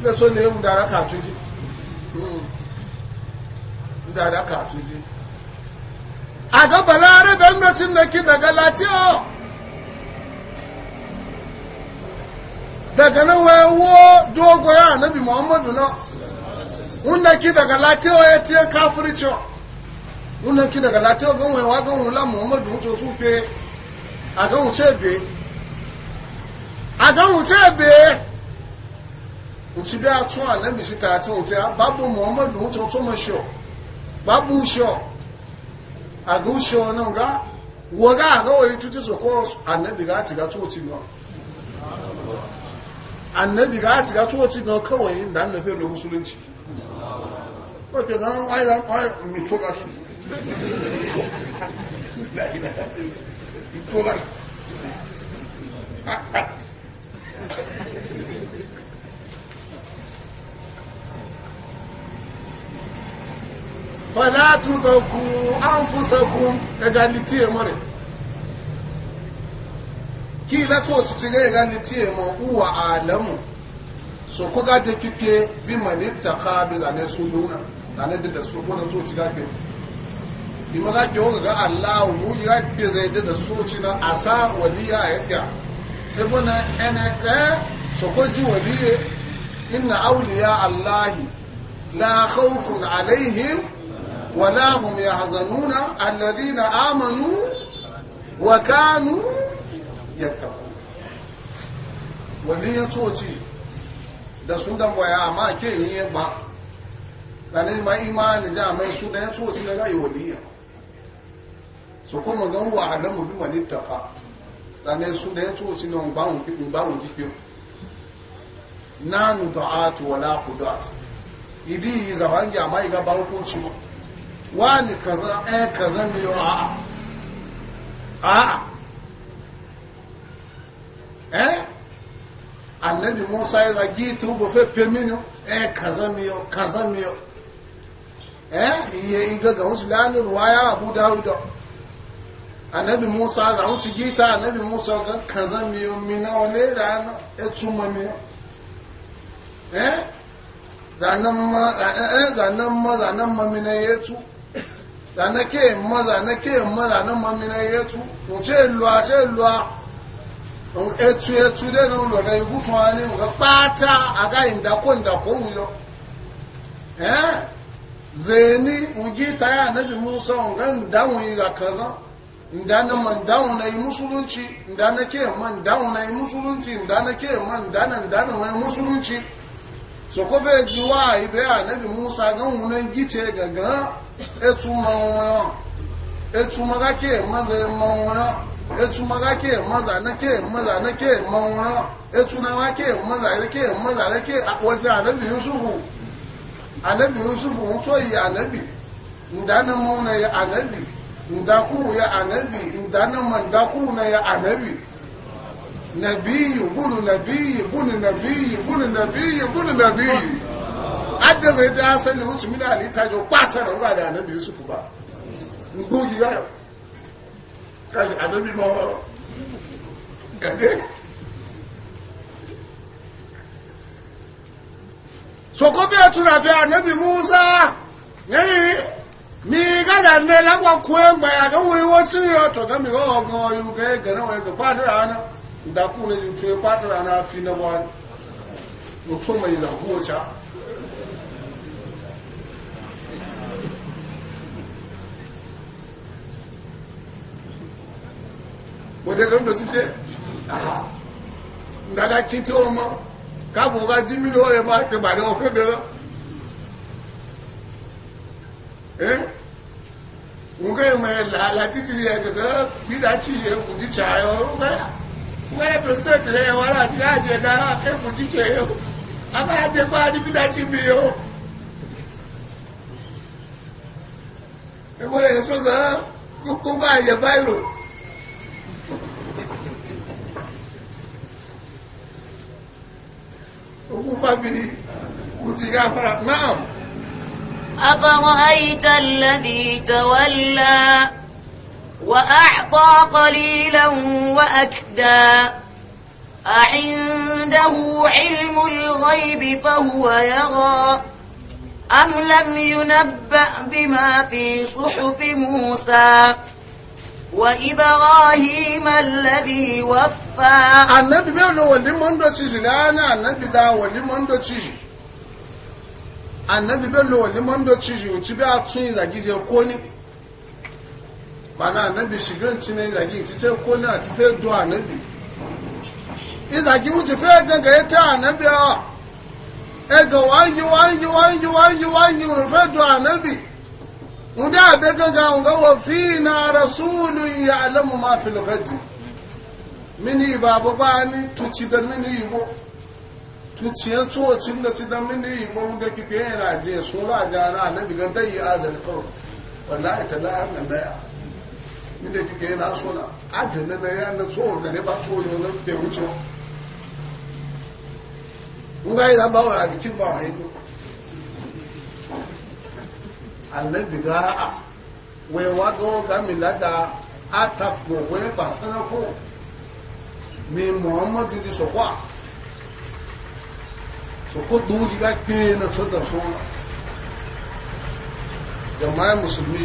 ina so ne mu da da kafin ji da da kafin ji a ga balare ban da cin naki daga latiyo daga nan wayo dogo ya annabi muhammadu na wanda ki daga latiyo ya tiyan kafircin wuna ki daga lati ogun wai wa gan wula muhammadu mutu su fe a gan wuce be a gan wuce be nci bi a tún alẹ́mi síta àti òun ti a babu muhammadu mutu tó mọ̀ ṣọ babu ṣọ àgọ́ ṣọ náà ga wọ́n ga àgọ́ wọ́n yìí tuntun sọ̀kọ́ alẹ́mi ga ti ga tó ti gan alẹ́mi ga ti tó ti gan kọ́wọ̀ yìí dánilẹ́fẹ́ tozar fala tuzaku anfusakum daga litiye mare ki lato tutu ga ga litiye mo uwa alamu so ko ga de kike bi manita ka bi zane suluna zane da suluna to tiga ke ni ma za ki yi ga Allah mu ya ke zai da soci na asa waliya a yadda ibu na ɗaya ji waliye inna auliya Allahi la khawfun alaihim wa la hum yahzanuna alladhina amanu wa kanu yattaqun waliya soci da su dan waya amma ke yi ba da ne ma imani da mai su da ya soci na ga waliya so kuma gan wa haramu bi ma nittaqa sanan su da yato su non bawun bi bawun bi biyo nanu da'at wala qudat idi yi zawangi amma ka bawo ko ci ma wani kaza eh kaza mi yo a a eh annabi Musa ya zagi tu go fe pemino eh kaza mi yo kaza mi yo eh iye iga ga musulani ruwaya Abu Dawud Ana musa àwọn ti gíta anabi musa ọ̀gán kàzán mi omi náà léèrà ẹtù mọ́ mi ẹ́ zanen mọ́ zanen mọ́ mi náà e? yẹtù zanen kéè mọ́ zanen kéè mọ́ zanen mọ́ mi náà yẹtù kò ṣe lu a ṣe lu a ẹtù ẹtù lẹ́nu lọ́dọ̀ ikú tún wa ní nǹkan pátá àga ìdàkó ìdàkó wuyọ ẹ́ zèé ní musa ọ̀gán dáhùn inda na man dawo yi musulunci inda na ke man dawo yi musulunci inda na ke man dana dana wani musulunci so ko fe ji wa ibe anabi musa gan wunan gice gaga etu mawon etu maga ke maza mawon etu maga ke maza na ke maza na ke mawon etu na wa ke maza na ke maza na ke wajen anabi yusufu anabi yusufu mutuwa yi anabi inda na anabi ndakuru ya anabi ndanama ndakuru na ya anabi nabiyu bunu nabiyu bunu nabiyu bunu nabiyu bunu nabiyu adda zai da asali wuce mina halitta jo kwata da ba da anabi yusufu ba ngugi ya kashi anabi ma gade so ko bi anabi musa yayi migada nela kwa kwemba yaga wiwosi yoto ga migogo yuge gana wega patirana ndakune yutwe patirana afina bwana nokusoma yiza kuocha woteka ndosike ndakakitoma kabuka jimilo yemake bali ofebela eh ngai mai lalati ti ya ga bi da ci ya ku ji chayo gara gara pastor ti ya wala ti ya je ga ke ku ji chayo aka de ba di bi da ci bi yo e gore ya so ga ku ku ba ya bairo ku ba bi ku ti fara na'am أفرأيت الذي تولى وأعطى قليلا وأكدى أعنده علم الغيب فهو يرى أم لم ينبأ بما في صحف موسى وإبراهيم الذي وفى النبي بيقول ولي من دو تشيجي لا أنا النبي دا ولي من دو annabi bello wani mando ciji uci bi a tun zagi je ko ni bana annabi shigan ci ne zagi ci sai ko na ci fe do annabi izagi uci fe ganga ya ta annabi a ega wangi wangi wangi wangi wangi rufe do annabi Muda abe ganga unga wa fina rasulun alamu ma fil mini mini babu bani tuci da mini yibo tuciyan tsohocin da ci don mini imam da kike yana je su raja na annabi ga dai azal kawai wallahi ta la an da ya min da kike yana so na adana na ya na tsoho da ne ba tsoho ne wannan ke wuce mun ga ya ba wa bikin ba wa yido annabi ga a wai wa ga ga milada atapo wai ba sana ko mi muhammadu di sokwa soko duji ga kpe na tsodar so jama'a musulmi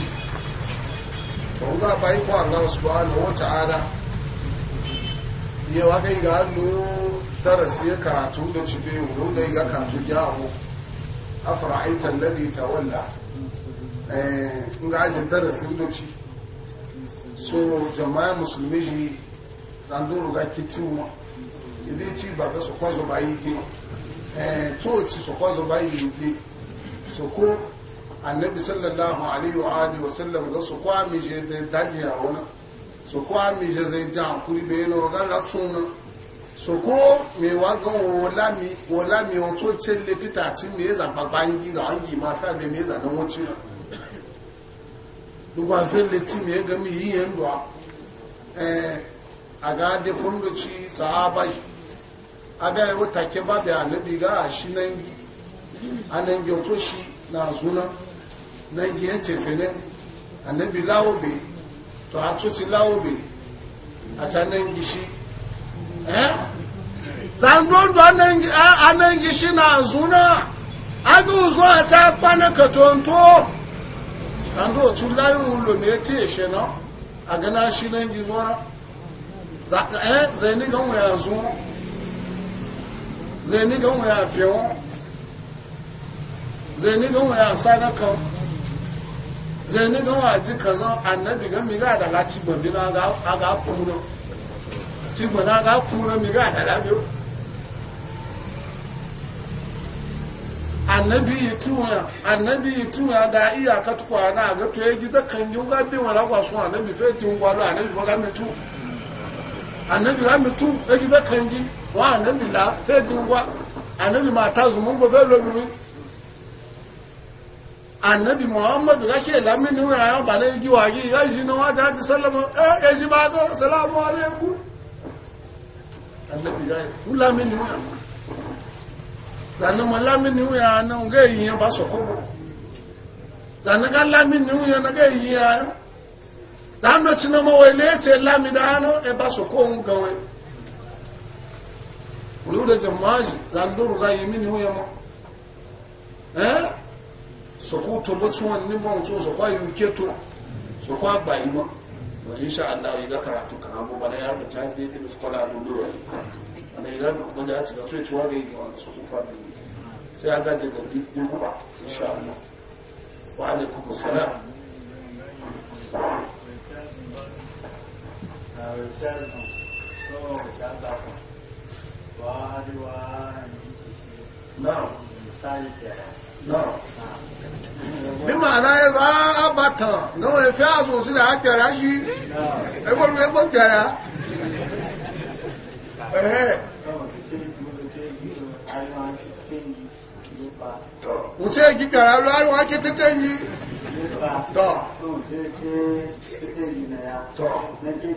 ba ga bayi ko Allah subhanahu wa ta'ala ya wa kai ga allo darasi ya karatu da bai mu da ya karatu ya mu afra'aita alladhi tawalla eh in ga ajin darasi da shi so jama'a musulmi dan duru ga kitin mu idan ci ba ga su kwazo bayi kino Eh, tsoci su kwazo bayi yufi su ko annabi sallallahu alaihi wa wa wasallam ga su kwa mi je da daji a wona su kwa mi je zai ja kuri bai yana wagan ratsun nan su ko me wagan wolami wolami wato celle titacin me ya zafa bangi za an gi mata da me ya zanen wucin duk an felle ti me ya gami yi yan duwa eh, a ga da funduci sahaba shi aga yi wata ke ba da annabi ga a shi nan gi a nan gi wato shi na zuna nan gi yance fenet annabi lawobe to a tuti lawobe a can eh? nan gi shi eh zandon a nan gi shi na zuna aga uzo a ta kwana ka tonto kando otu layin ulo ne ti eshe na a gana shi na? gi zuwa zaini eh? ga nwere zuwa zeni ga ŋun y'a fiyɛ wɔn zeni ga ŋun y'a sada kan zeni ga ŋun y'a di kazan anabi gan mi ga dala ci gbɔn na a ga kun na ci gbɔn na a ga kun na mi ga dala bi o anabi yi tuwa anabi yi tuwa da iya ka tukwa na ga to ya gida kan yi ga bi wala kwa sun anabi fe tin kwalo anabi ba ga mi tu anabi ga mi tu ya e gida kan yi wọn ànábì là fẹ́ ti wá ànábì máa tazù mú bọ́ fẹ́ lóbìnrin ànábì muhammadu láṣẹ ìlàmì ní wọn àwọn bàlẹ́ ìjú wà yìí yá ìsinú wọn ti àti sẹ́lẹ̀mọ́ ẹ èsì bá tọ́ sẹ́lẹ̀mọ́ alẹ́kú ànábì láyé fúlámì ní wọn zanimọ lámì ní wọn àná ń ìyẹn bá sọ̀kọ́ bọ̀ lámì ní wọn gé ìyẹn àná zanimọ tí wọn wọlé ẹ̀ tẹ lámì dáná ẹ bá sọ̀kọ́ ń wọn uluda jamaji zanduru ga yimini huya mo eh so ku to bo tsuwan ni mo so so kwa yuke to so kwa ba imo wa insha Allah yi iga karatu kan abu bana ya ga ta dai da skola dundu ana iga mun da ci ga so ciwa ga yi so ku fa bi sai aga daga dubu ba insha Allah wa alaikum assalam Uh, so, that's that one. na'am na'am bi ma'ana ya za a bata na wani fi a sosai da haƙƙara shi ɗaukwaru ya ɓankara wuce gigara ruwa ruwa ke tattan yi to to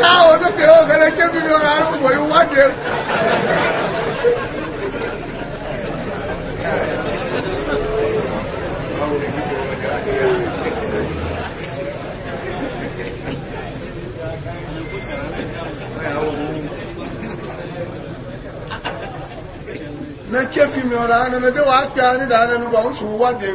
Não, eu não tenho, eu garantia milionário, eu não e o madeiro. não kefi mi ọrọ não de wa akpẹ não da ananu ba não su wa dem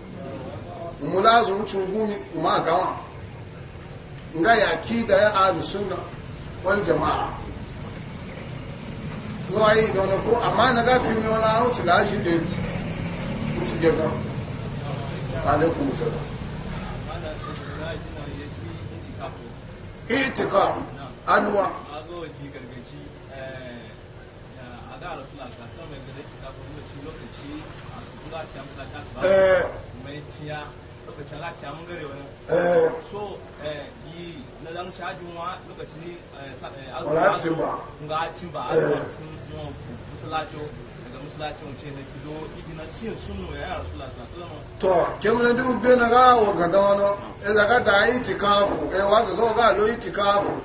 mulazu mucin gumi gawa nga ya da ya ahlu sunna wal jama'a zuwa yi da ko amma na gafi mai wani hau ci lashi da alaikum salam itikaf lokacin samun garewa nan eh. so eh, yi na zan cajin lokacin ga musulacin na yi to kemu dubu biyu na ga wa gada wani e eh, zaga da yi tikafu e wa gaga wa lo yi tikafu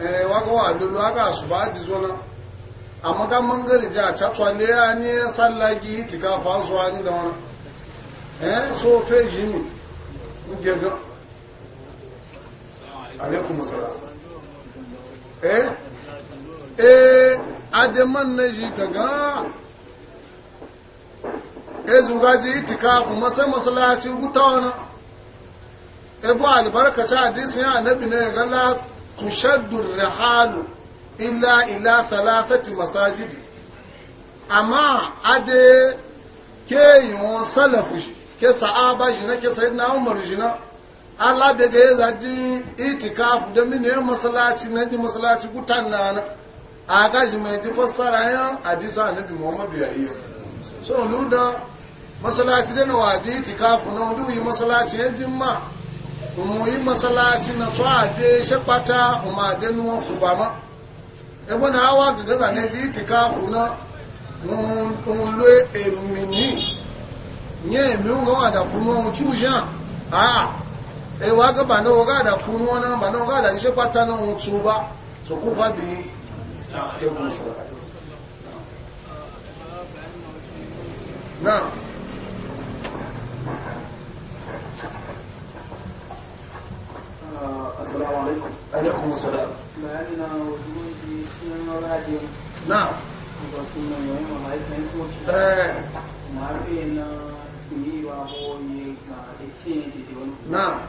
e wa wa lulu su ba ji zona amma ga mangari ja ya ne sallagi tikafu an zuwa ni da wani eh so fe jimi kuke ga alaikum salam eh eh ademan na ji kaga eh zuga ji itikafu masai masalacin gutawana ebo albarkaci hadisin ya annabi ne ga la tushaddu rihalu illa ila thalathati masajidi amma ade ke yi wọn salafu shi ke sa'aba jina ke sayyidina umar jina ala bai ga yaza ji itikafu da mini yin masalaci na ji masalaci gutan na na a gaji mai ji fassara yan hadisa na fi muhammadu ya iya so nu da masalaci da na waje itikafu na wadu yi masalaci ya jimma mu yi masalaci na tso tsawa da shakpata de nuwa fubama ebe na awa ga gaza na ji itikafu na mun lo emini nye mi nga wa da funu aa tí ó ṣe hàn àà ba agbábà náà ọgá funu ọ̀nà bà náà ọgá àdà iṣẹ́ pátá náà ohun tí ó bá sọkún na wajen yi cikin radiyo. Na. Ba su nan yayin ma ni wa mo ti di na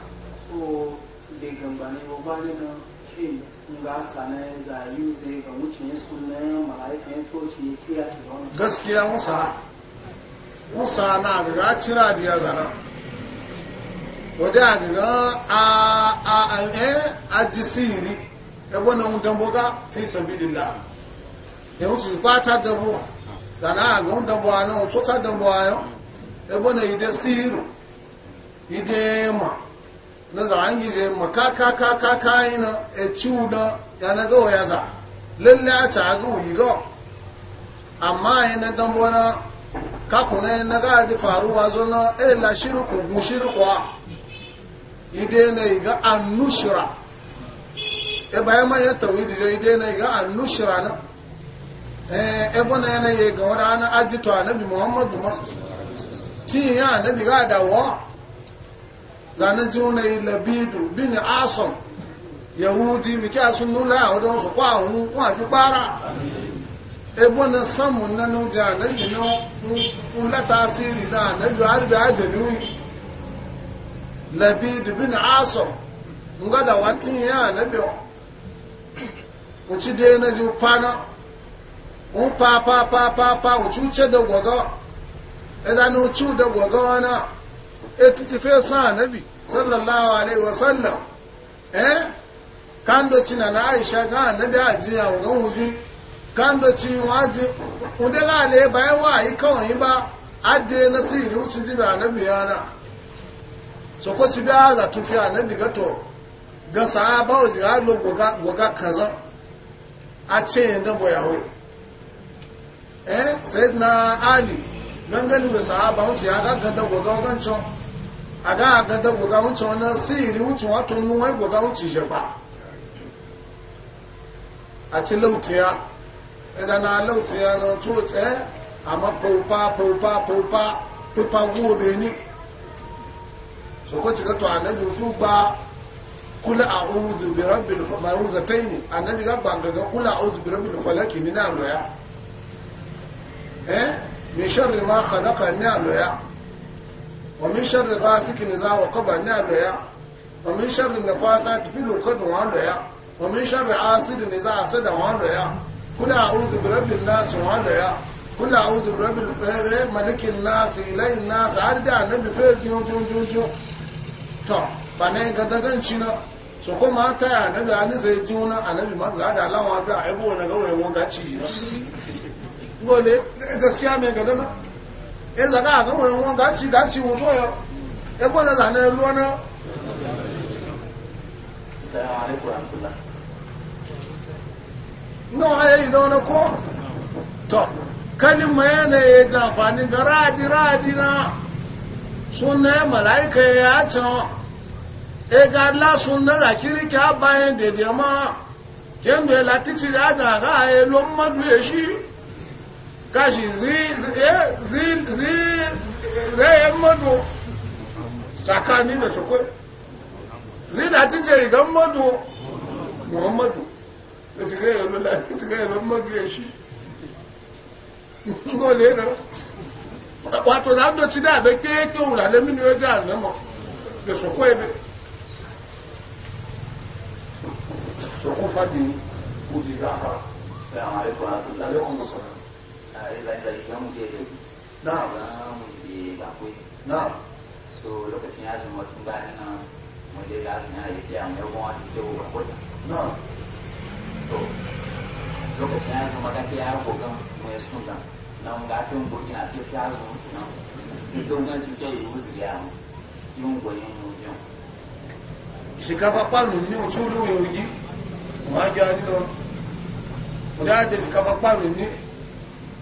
so de gamba ba ne na shi nga sana za yuze ga ya toci ya ci ya ti don gaskiya musa musa na ga cira diya zana wadda ga a a a e, e na undan boga fi sabilillah ne wuce ta ebona ide siru ide ma na za'an gize ma ka ka ka ka ka ina e na chuda ya na go ya za lalle a ci go yi go amma ina e dan bona na ku ne na e faru wa zo na shiru ku mu kwa ide ne ga anushra e ya ma ya tawidi jo ide ne ga anushra na e ebona yana yi ga wadana to anabi muhammadu ma tí ìyá ànábì gáàdà wọ́n lànà tí ó lẹ́yìn lẹ́bíìdù bí ní asọ̀m yahudi mìkí asúnú láàrín a sọ̀kọ́ àwọn ohun àti pààrà ẹgbọ́ na sánmù nánú jẹ́ ànábì náà ń lẹ́ta sí ìrìnà ànábì àríbì àjẹ̀lú lẹ́bíìdù bí ní asọ̀m ń gádà wá tí ìyá ànábì ọ̀ òtí dé náà ju paná ń pa pa pa pa pa òtí ń ṣẹ́dọ̀ gbọ̀gọ́ idanu cu da goga wana etiti fe sa nabi sallallahu alaihi wasallam eh kando cina na aisha ga nabi ajiya wa huzu kando ci waji yi ba adde na siri uci ji ba nabi yana so gato kaza a ce da boyawo eh sayyidina ali lọ́ngẹ́lì wẹ̀ sàábà ń si iri ọgọ́ntsọ́ agágadagboga ń tsọ́ náà sí ìrì ń tún wọ́n tún nú wọ́n gboga ń ti ṣẹ̀pà àti lóòtíá ẹ̀dáná lóòtíá náà tó tẹ́ àmọ́ pòpá pòpá pòpá pípa wúwo bẹ́ẹ̀ni sokoti kato anabi gba kula àwùdù bìrọ̀ kula ya من شر ما خلق نعلو يا ومن شر غاسك إذا وقبع نعلو يا ومن شر النفاثات في الوقت وعنلو يا ومن شر عاصد إذا عصد وعنلو يا كل أعوذ برب الناس وعنلو يا كل أعوذ برب ملك الناس إلي الناس عرض عن نبي فيه جون جون جون جون تو فنين قدقن شنا سوكو ko ma نبي عني nabi ani zai ji wani annabi ma قوي da lawa bi gole eh, gaskiya mai gada na e zaga a ga e zane na yi da ko to kalima yana ya ji amfani ga radi radi na suna ya mala'ika ya yi e ga la suna da kiri ka bayan daidai ma kendo ya lati a daga yi madu ya shi gashi zayen eh, eh, eh, madu tsakani da shakwai zina ta ce rigan madu muhammadu da cika yi lulafi cika yi madu ya shi gole na wato na doci da abin keke wula na mini wajen annama da shakwai bai shakwai fadi kudi gafa sai a haifar da alaikun musamman na'am na'am so lokacin yajin mutum ba ina mun je da azumi ya yi a mai ruwan wani ke wuwa kwata na'am to lokacin yajin maka ke yaro kogan mai suna na mun ga fin gogi a ke fiya zuwa suna duk gan yi wuzu ya mu yin goyin mu jin shikafa panu ni o tún lóye òyìn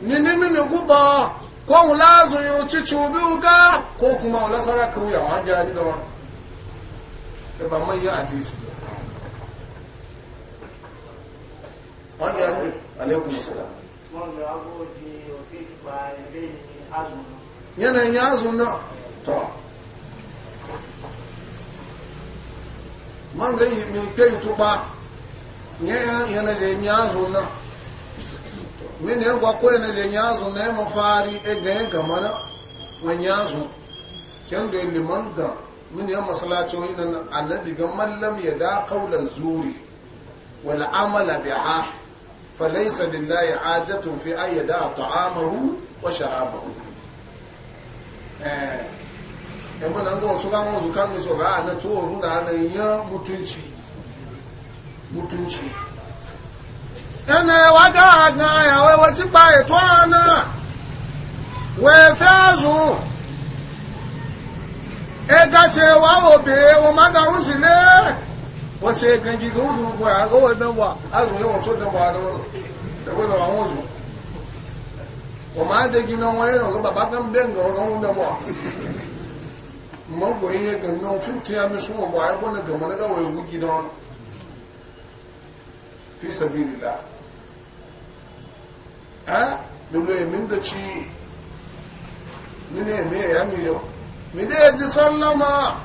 nini mini guba ko wula zuyu ci cubi uga ko kuma wula sara kan ya wa jadi da wani da ba mai yi hadisi alaikun sila yanayin ya to man ga yi mai kai tuba yanayin ya mini yagwa koya na lenyazo na yama fari e ga yin gama na wanyazo kyan da liman ga mini yan masalacin wani nan annabi ga mallam ya da kaula zuri wal amala biha falaysa lillahi ajatun fi an ta'amahu wa sharabahu eh yan e mun an ga wasu kan wasu kan so ga na tsoro da na yan mutunci mutunci ẹnẹ wá gàgàn àwọn ẹwọ tí gba ètò àná wẹ̀ fẹ́ zùn ẹgá ṣe wá òbí wọn má ga ń sílẹ̀ wọ́n ṣe gangi kí ó dùn bọ̀ àgọ́wọ́ ẹ̀dẹ́wà azùn yóò tó dẹ̀wà àdọ́wọ́ ẹ̀wọ́n wọn yẹn lọ́gbà bá tán bẹ́ẹ̀ ní ọ̀rọ̀ ń dẹ̀wà mọ́gbọ̀n yẹn gangan fún tí a mi súnmọ̀ e bọ̀ e fi ha lulu emin da ci mini emi eya mi yo mi de ji sallama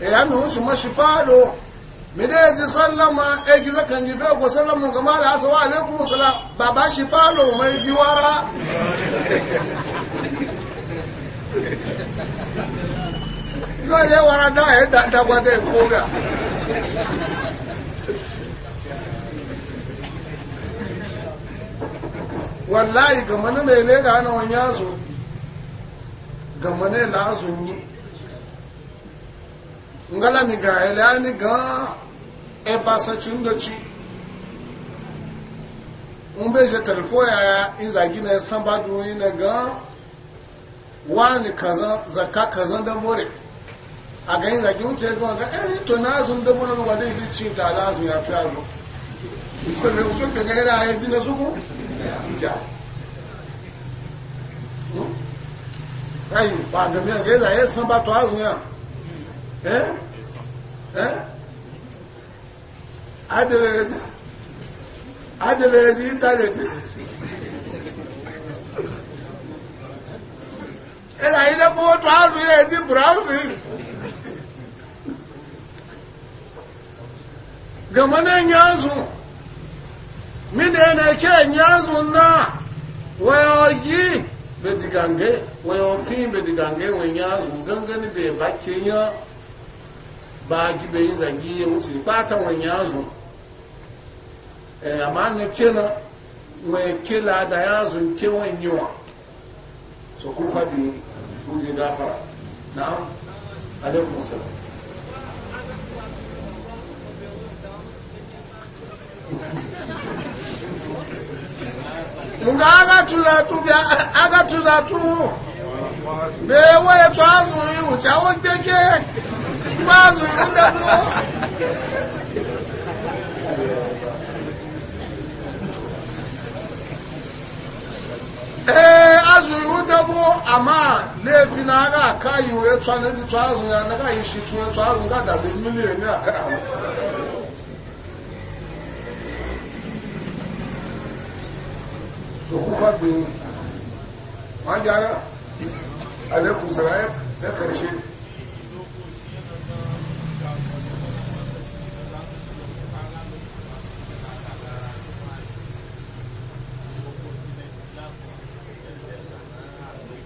eya mi ma mashi fado mi de ji sallama e gizo kan ji fego sallama gama da asawa alaikum sala baba shi fado mai giwara yóò lé wàrà dáhẹ́ da èkó e, gà. wallahi ga mana ne ga nan wani yazo ga mana la zo ni ngala ni ga ila ni ga e pasa chindo chi umbe je telefo ya in zagi na ba du ni na ga wani kaza zakka kaza da more a ga in zagi wuce ga ga eh to na zo da more wa dai ci ta la zo ya fi azo ko ne usul ga ga ira ya ji na ya ayi pàgàmì àgbéza yẹ san bá tọ́ àrùn yàn ẹ́ ẹ́ adìrẹ̀ ẹ̀dì íńtánẹ̀tì ẹ̀dà yìí dẹ́kun ó tọ́ àrùn yẹ ẹ̀dì bùráùsì gàmọ́nà mini yana ke nyazun na wayo yi beti gange wayo fi beti gange wani yazun gangani be bakin ya ba be yin zagi ya wuce bata wani yazun e, amma na kena wani kila da yazun ke wani yawa so kun faɗi kuje gafara na'am alaikum salam Thank you. nga agatụzatụ na tụ azụ iwu chawo gbeke mgbe azụ iwu ee eh, azụ iwu ndebo ama na-efi na agha aka iwu etu a na-editụ azụ ya na agaghị isi tụ etu azụ ga-adabe mmiri aka ahụ ku faɗi ne ma gyara alaikun sarayar na ƙarshe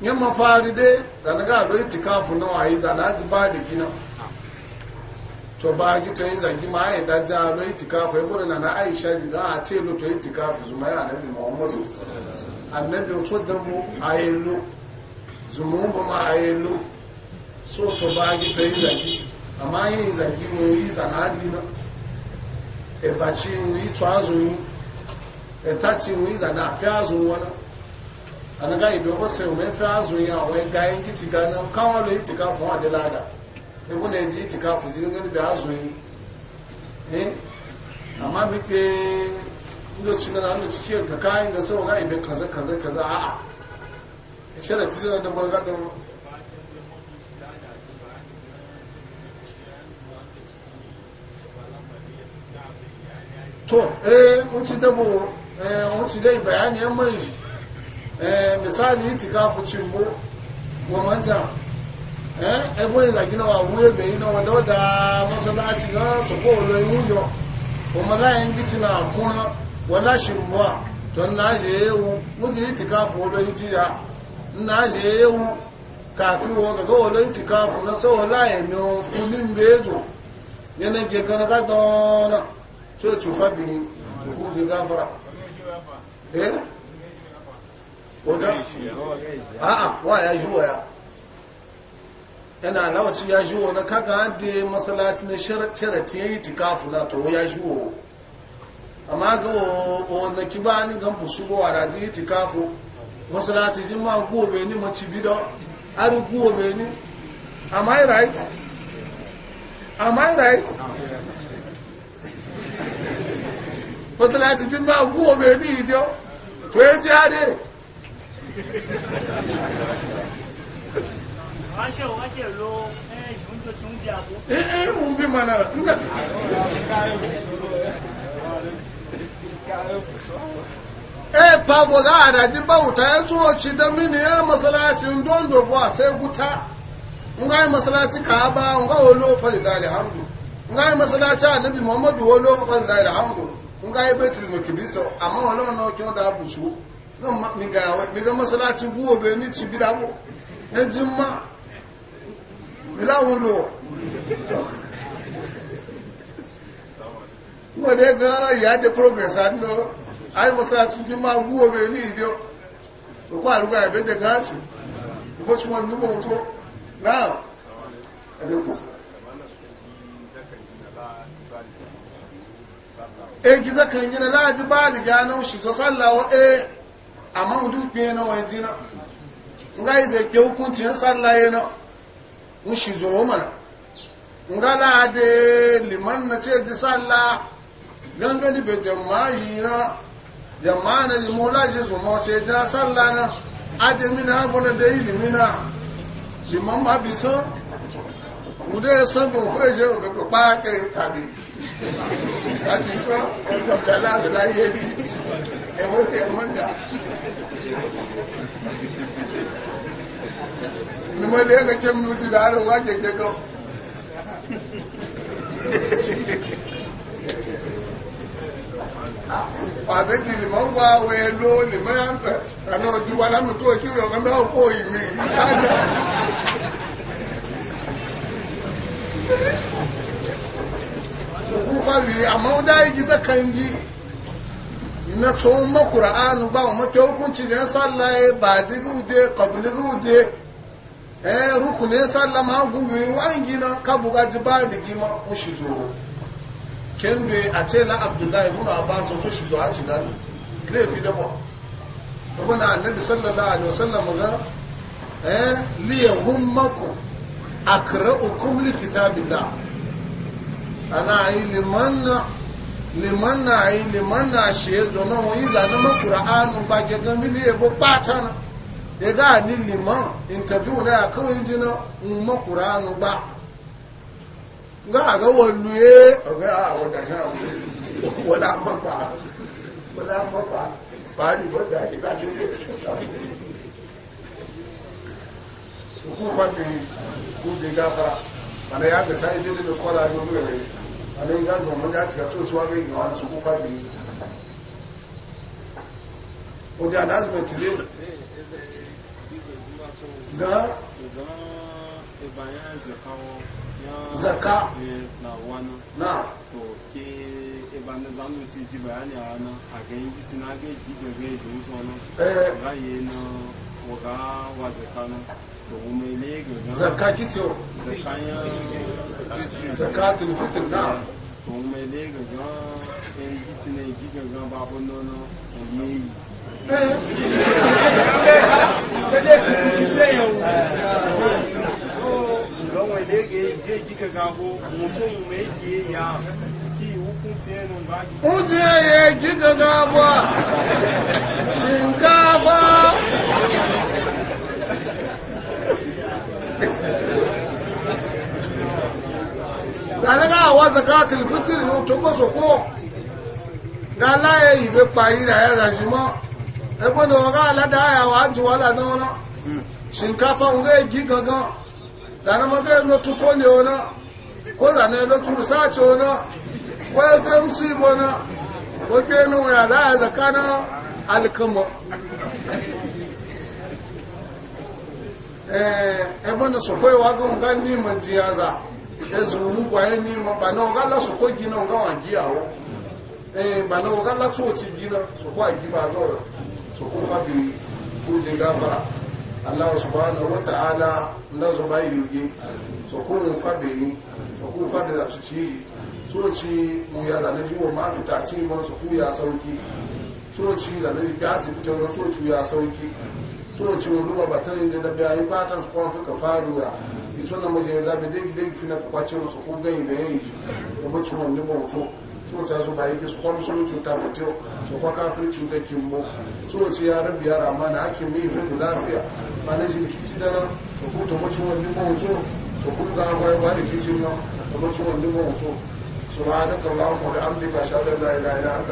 yin mafari dai da na ga alo itikafin nawa yi zana ji ba da gina to ba gi to yin zangi ma ya dajja lo itikafu yabo na na Aisha ji ga a ce lo to itikafu zuma ya annabi Muhammadu annabi o to dan mu ayelo zumu mu ma ayelo so to ba gi to yin zangi amma yin zangi mu yi zanadi na e ba ci mu yi to azu e ta ci mu yi zana fi azu wala anaga ibe ko se o me fi azu ya o e ga yin gitiga na kawo lo itikafu wa de lada egun na ji ti ka fuji gangan azu yi eh amma mi pe ndo ci na ka kai kaza kaza kaza a a shara ti da da barga da to eh mun ci dabo eh mun ci dai bayani an manji eh misali itikafu cin mu wa ẹgbọ́n ìzàgínà àwọn ebè iná wọn dọ́dà mọ́sálásí rán sọ́pọ̀ olóyè oúnjọ ọmọ láyé ń gítí náà kúnná wọ́n láṣìrùwà tó ń láṣẹ ewu mú ti tìká fún ń ewu kàfí wọn gàgọ́ olóyè tìká fún náà sọ́wọ́ láyé mi ò fún ní mbéjò yẹn jẹ kan ká dánná tó tù fábìrì kú ti gáfara. ọ̀gá wà á yana lawaci ya jiwo da kaka hadde masalaci na sharati ya yi tikafu na to ya wo amma ga wanda ki ba ni gan busu go wa raji yi tikafu masalaci jin ma gobe ni maci bido ari gobe ni am i right am i right masalaci jin ma gobe ni idiyo to ya ji hade eh eh mun bi eh bauta ya zuwa ci da mini ya don sai guta nga ka ba wolo alhamdu annabi muhammadu wolo falila alhamdu nga yi amma wolo da ga ni ci jimma láwọn lò wọ́n dé gan ìyá jẹ́ progress àdínà àríwọ̀sá tún máa wú omi ní ìdíọ́ òkú àrúgbà ẹ̀bẹ́jẹ̀ gáàtì ìbó tí wọ́n nígbò tó náà ẹ̀lẹ́kùsà egi zakan yi na a man dukiya na wajina ga zai hukuncin sallaye na wushi zuwa mana ngala de liman na ce ji gangani jama'i na jama'a na ji mola ji su ma ce na mina da liman ma bi so ya san bin fai je ga tabi so numa da yaga kem nuti da harin wake ke kan pàdé e di lè máa ń ni ma ló lè máa ń fẹ àná ojú wa lámùtó ojú yọ ọ̀gá náà yi ìmì ìdáná. sùkúrú fàlù yìí àmọ́ ó dá igi tẹ́ kan yí iná tó ń mọ́ kùrà ánú báwọn mọ́tò ó kún ti ne ń sálà ẹ̀ bàdínú de kọ̀bìlínú de. eh rukunin sallah ma gumbi wangi na kabuga ji ba da gima ko shi zo ken a ce la abdullahi ibn abbas so shi zo a ci gari grefi da ba kuma na annabi sallallahu alaihi wasallam ga eh li yahummakum akra'ukum li kitabillah ana ilmanna yi ai limanna shi zo na wani zanen qur'anu ba ga gamili e bo patana ya ga ni liman interview na ya kawai jina umma qur'anu gba ga ga walluye ga a wata sha wala mafa wala mafa ba ni ba da ba ni ku fa ni ku je ana ya ga sai dai da skwala mu ne ana ga ga ga su ku fa ni o ga zaka na to ke ci ji bayani a nan a ga yin na ga yi ga yi ga yi na wa zaka na to ga zaka zaka ya zaka na to ga ga ga tẹ́lẹ̀ kìkú ti sẹ́yìn o lọ́wọ́ ẹlẹ́gẹ̀ ìgbé kíkẹ́ gàbó mo tó mú méjì yá kí ìwúkú ti ẹnu bá jù. ó jẹ́ ẹyẹ kíkẹ́ gàbó ṣìǹkàbó. Gàlẹ́gà àwọn zakatul fitr ní o tó mọ̀ sọ́kọ́. Gàlá ẹ̀ ìwé parí rẹ̀ ẹ̀ ẹgbọ́n náà ọ̀gá aládáyà wà jù wọ́n lànà ọ̀nà ṣìnkáfà ń rẹ̀ gí gangan lànà mọ́gá ẹlọ́tún kó lè ọ̀nà kó lànà ẹlọ́tún rìsáàtì ọ̀nà kó fmc ọ̀nà kó gbé inú rẹ̀ àdáyà zakana alikamọ̀ ẹgbọ́n náà sọ̀kọ́ ìwà gọ́ngá ní ìmọ̀ jìyàzà ẹ̀sùn òmùgbà ẹ̀ ní ìmọ̀ bàná ọ̀gá lásòkó gí náà ọ̀gá wà gí àwọ̀ bàná ọ̀gá látò so bi kudin gafara allah subhanahu wa ta'ala na zuba yi so ku mun fabi yi so ku fabi za su ci coci mu ya zane yi wa mafita ci yi su ku ya sauki coci da na biya su fitar na coci ya sauki coci mu ruba ba ne da na biya yi fatan su kwan fika ya ito na majalisa da dangi dangi fina kwace musu ku gani da yi da bacci wani ba mutu tsoci su ba yake su kwam sun ta fito su kwa kafin cuta kimbo ci ya rabu ya rama na hakin mai fi lafiya ba na ji rikici da nan su kuta mace wani mawato su kuta bai ba rikici nan da mace wani mawato su ma da da amdika shaɗar da ila